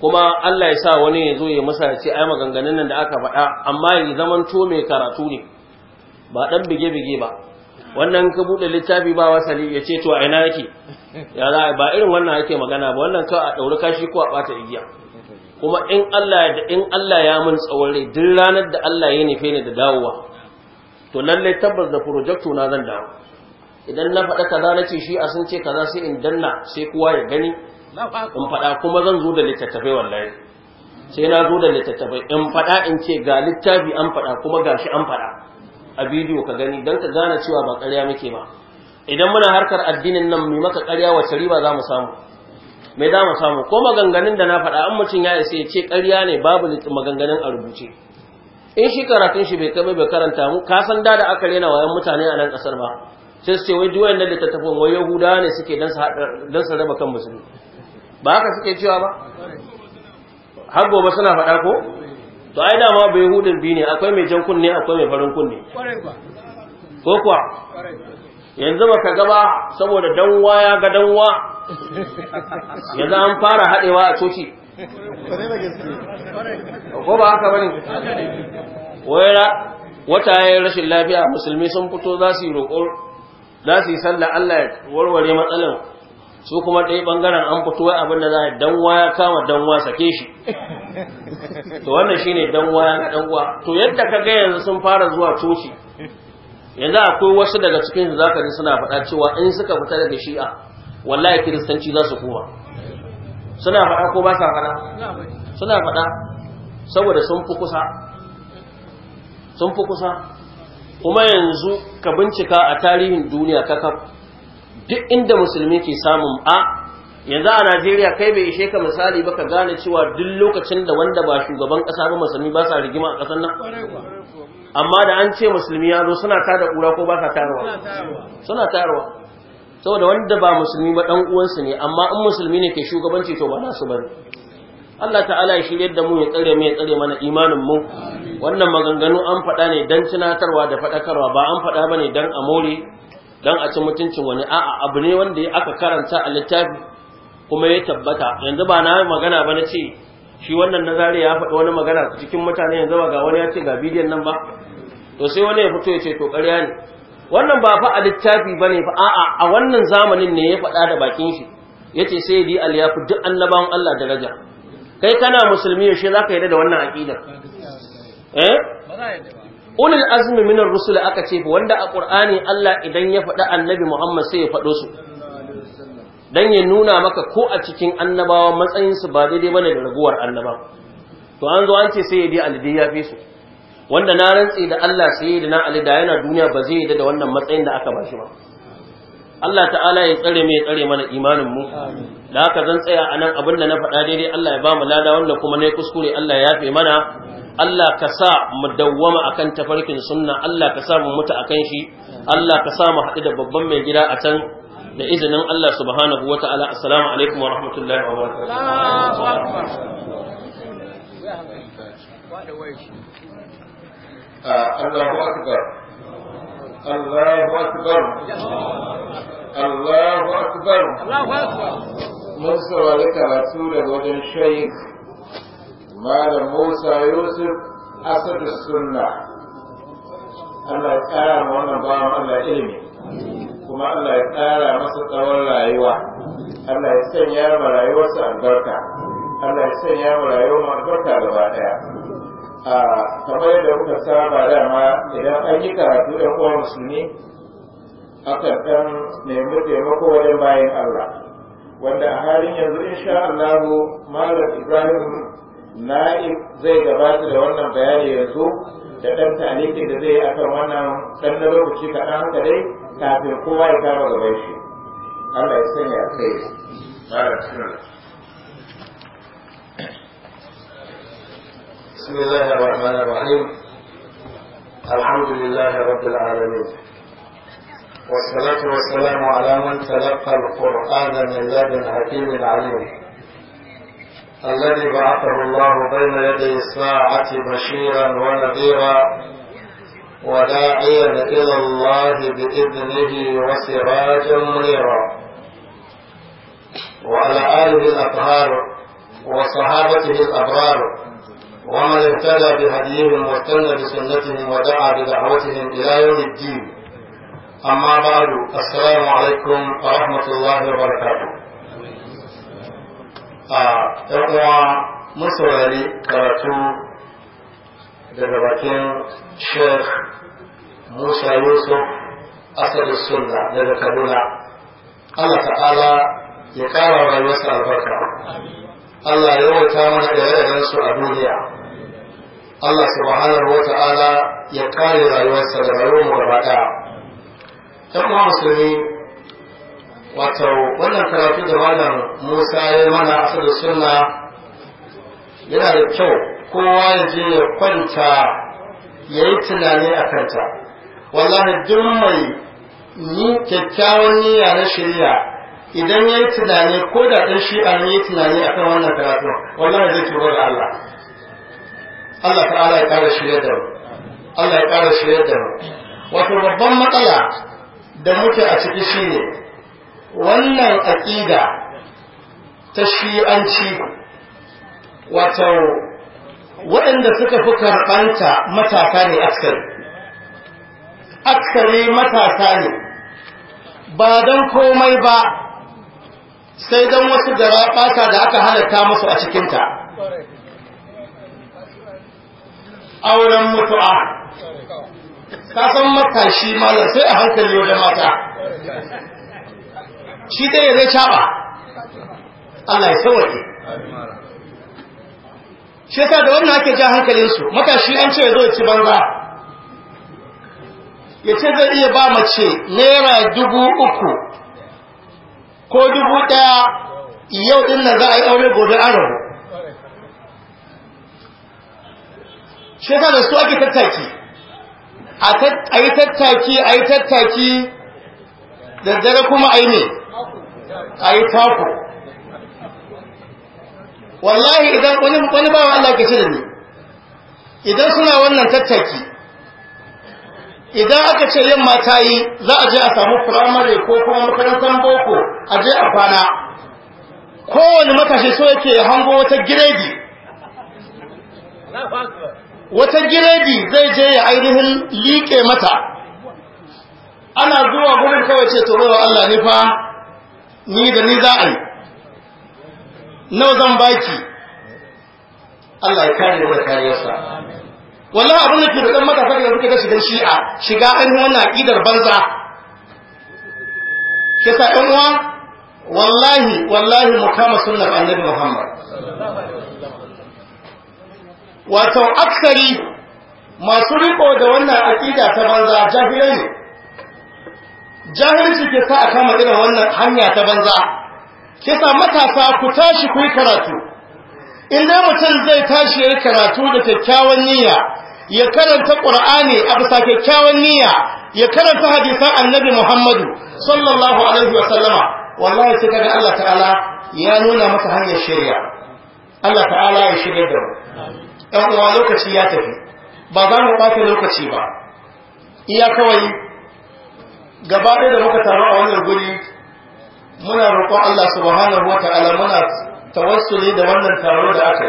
kuma Allah ya sa wani ya zo ya masa ya ce ai maganganun nan da aka faɗa amma ya zaman to mai karatu ne ba dan bige-bige ba wannan ka buɗe littafi ba wasali ya ce to a ina yake ya za ba irin wannan yake magana ba wannan ka a ɗauri kashi ko a bata igiya kuma in Allah da in Allah ya mun tsawon rai duk ranar da Allah ya nufe ni da dawowa to lallai tabbas da projecto na zan dawo idan na faɗa kaza na ce shi a sun ce kaza sai in danna sai kowa ya gani in faɗa kuma zan zo da littattafai wallahi sai na zo da littattafai in faɗa in ce ga littafi an faɗa kuma ga shi an faɗa a bidiyo ka gani don ka gane cewa ba ƙarya muke ba idan muna harkar addinin nan mai maka ƙarya wace riba za mu samu me za mu samu ko maganganun da na faɗa an mutum ya isa ya ce ƙarya ne babu maganganun a rubuce in shi karatun shi bai kai bai karanta mu ka san da da aka rena wayan mutane a nan ƙasar ba sai su ce wai duwayen da littattafin wai yahudawa ne suke don su raba kan musulmi ba haka suke cewa ba har gobe suna faɗa ko to ai dama bai hudun biyu ne akwai mai jan kunne akwai mai farin kunne ko kuwa yanzu ba ka gaba saboda danwa ya ga danwa yanzu an fara haɗewa a coci ko ba haka bane wayar wata ya rashin lafiya musulmi sun fito za su yi roƙo za su yi sallah Allah ya warware matsalar su kuma ɗaya ɓangaren an fito wai abin da za a dan waya kama dan wa sake shi to wannan shine dan waya na dan uwa to yadda ka ga yanzu sun fara zuwa coci yanzu akwai wasu daga cikin su zaka ji suna faɗa cewa in suka fita daga shi'a wallahi kiristanci za su koma suna faɗa ko ba sa faɗa suna faɗa saboda sun fi kusa sun fi kusa kuma yanzu ka bincika a tarihin duniya ka duk inda musulmi ke samun a yanzu a Najeriya kai bai ishe ka misali ba ka gane cewa duk lokacin da wanda ba shugaban kasa ba musulmi ba sa rigima a kasar nan amma da an ce musulmi ya zo suna tada kura ko ba sa tayarwa suna tayarwa saboda wanda ba musulmi ba dan uwansu ne amma in musulmi ne ke shugabanci to ba nasu bari. Allah ta'ala ya shirye da mu ya tsare mu ya tsare mana imanin mu wannan maganganu an faɗa ne dan tunatarwa da faɗakarwa ba an faɗa bane dan amore dan a ci mutuncin wani a'a abu ne wanda aka karanta a littafi kuma ya tabbata yanzu ba na magana ba na ce shi wannan nazari ya faɗi wani magana cikin mutane yanzu ba ga wani ya ce ga bidiyon nan ba to sai wani ya fito ya ce to ƙarya ne wannan ba fa a littafi ba ne fa a'a a wannan zamanin ne ya faɗa da bakin shi ya ce sai di al yafi duk annabawan Allah daraja kai kana musulmi yaushe za ka yi da wannan aƙidar ulul azmi minar rusul aka ce wanda a qur'ani Allah idan ya faɗi annabi Muhammad sai ya faɗo su dan ya nuna maka ko a cikin annabawa matsayin su ba daidai bane da raguwar annaba to an zo an ce sai ya bi alidi ya fi su wanda na rantsi da Allah sai da na alida yana duniya ba zai da wannan matsayin da aka ba bashi ba Allah ta'ala ya tsare ya tsare mana imanin mu da haka zan tsaya anan abin da na faɗa daidai Allah ya ba mu lada wanda kuma ne kuskure Allah ya yafe mana Allah ka sa mu dawwama akan tafarkin sunna Allah ka sa mu mutu akan shi Allah ka sa mu haɗu da babban mai gida a can da izinin Allah subhanahu wa ta'ala assalamu alaikum wa rahmatullahi wa barakatuh Allahu akbar Allahu akbar Allahu akbar Mun saurari karatu daga wajen Sheikh malam musa yusuf asadu sunna allah ya kara ma wannan bawan allah ilimi kuma allah ya kara masa tsawon rayuwa allah ya sanya ma rayuwarsa albarka allah ya sanya ma rayuwar albarka gaba ɗaya. a kamar yadda muka saba ma idan an yi karatu da uwan musulmi akan ɗan nemi taimako wajen bayan allah wanda a halin yanzu insha Allah Malam Ibrahim ما زي جبات لهونا بيان يسوع تتمت عليك إذا زي أكرمانا تنبه بشي كأنا كده كافر قوة إكامة غبيشي الله يسني يا سيد بسم الله الرحمن الرحيم الحمد لله رب العالمين والصلاة والسلام على من تلقى القرآن من لدن حكيم عليم الذي بعثه الله بين يدي الساعة بشيرا ونذيرا وداعيا إلى الله بإذنه وسراجا منيرا وعلى آله الأطهار وصحابته الأبرار ومن اهتدى بهديهم واستنى بسنتهم ودعا بدعوتهم إلى يوم الدين أما بعد السلام عليكم ورحمة الله وبركاته a uwa masaurari karatu daga bakin sheikh musa yusuf asadu sunna daga kaduna allah ta'ala ya kara rayuwarsa albarka allah ya wuta mana da yaran a duniya allah subhanahu wa ta'ala ya kare rayuwarsa da rayuwar mu gaba ɗaya ɗan’uwa musulmi wato wannan karatu da malam musa ya mana da sunna yana da kyau kowa ya je ya kwanta ya yi tunani a kanta wallahi duk mai ni kyakkyawan niyya na shirya idan ya yi tunani ko da ɗan shi an yi tunani akan wannan karatu wallahi zai tuba da Allah Allah ta'ala ya ƙara shirya da mu Allah ya ƙara shirya da mu wato babban matsala da muke a ciki shine wannan aƙida ta shi'anci wato waɗanda suka fi karɓanta matasa ne aksari aksari matasa ne ba don komai ba sai don wasu gaba ɓata da aka halatta masu a cikinta auren mutu'a ka san matashi malar sai a hankali wajen mata shi dai ya zai caɓa Allah ya sawaye shi yasa da wannan ake ja hankalinsu matashi an ce ya zo ya ci banza ya ce zai iya ba mace naira dubu uku ko dubu ɗaya yau ɗin nan za a yi aure gobe an rabu shi yasa da su ake tattaki a yi tattaki a yi tattaki da dare kuma a a yi tako wallahi idan wani bawa Allah ke da ne idan suna wannan tattaki idan aka ce yamma ta yi za a je a samu firamare ko kuma makarantar boko a je a kwana kowane matashi so yake hango wata giredi wata giredi zai je ya ainihin liƙe mata ana zuwa gurin kawai ce to Allah ne fa ni da ni za a yi nawa zan baki Allah ya kare da kariyarsa wala abin da ke da matasa da suke shi'a shiga an wannan aqidar banza ke sa ɗan uwa wallahi wallahi mu kama sunnar annabi Muhammad wato aksari masu riko da wannan aqida ta banza jahilai ne jahilci ke sa a kama irin wannan hanya ta banza ke sa matasa ku tashi ku yi karatu inda mutum zai tashi ya karatu da kyakkyawan niyya ya karanta ƙur'ani a bisa kyakkyawan niyya ya karanta hadisan annabi muhammadu sallallahu alaihi wa sallama wallahi sai kaga Allah ta'ala ya nuna masa hanyar shirya Allah ta'ala ya shirya da mu ɗan uwa lokaci ya tafi ba za mu ɓata lokaci ba iya kawai gaba ɗaya da muka taru a wannan guri muna roƙon Allah subhanahu wata'ala muna tawassuli da wannan taro da aka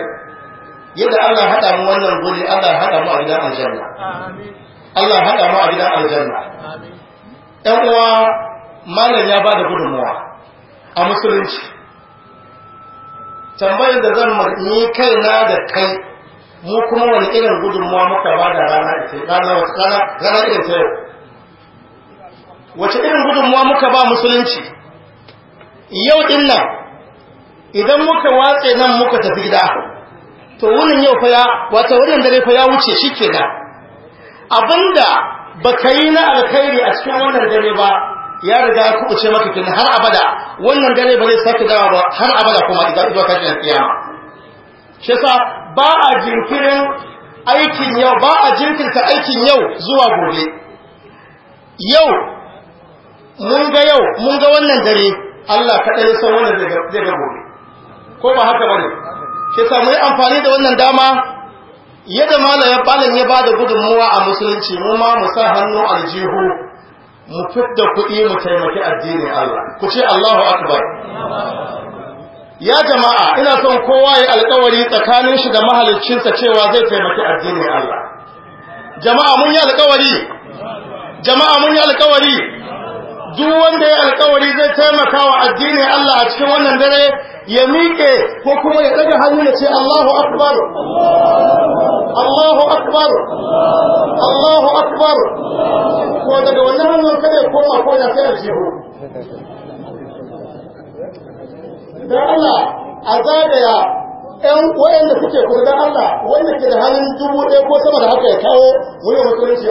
yi yadda Allah haɗa mu wannan guri Allah haɗa mu a gidan aljanna Allah haɗa mu a gidan aljanna ɗan uwa malam ya ba da gudunmuwa a musulunci tambayar da zan ni na da kai mu kuma wani irin gudunmuwa muka ba da rana ita rana rana irin ta yau wace irin gudunmuwa muka ba musulunci yau din nan idan muka watse nan muka tafi gida to wannan yau fa ya wato wannan dare fa ya wuce da abinda baka yi na alkhairi a cikin wannan dare ba ya riga ya ce maka kin har abada wannan dare ba zai saki dawa ba har abada kuma idan zuwa kashin kiyama shi yasa ba a jinkirin aikin yau ba a jinkirta aikin yau zuwa gobe yau mun ga yau mun ga wannan dare Allah kaɗai san wannan zai ga gobe ko ba haka bane ke samu amfani da wannan dama yadda malamin balin ya bada gudunmuwa a musulunci mu ma mu sa hannu aljihu mu fidda kuɗi mu taimaki addinin Allah ku ce Allahu akbar ya jama'a ina son kowa ya alkawari tsakanin shi da mahaliccinsa cewa zai taimaki addinin Allah jama'a mun yi alƙawari. jama'a mun yi alkawari duk wanda ya alkawari zai taimaka wa addini Allah a cikin wannan dare ya miƙe ko kuma ya ɗaga hannu ya ce Allahu akbar Allahu akbar Allahu akbar ko daga wannan hannun kada koma ko da sai aljihu dan Allah a zagaya ɗan wayanda suke da Allah wanda ke da hannun dubu ɗaya ko sama da haka ya kawo mu yi mutunci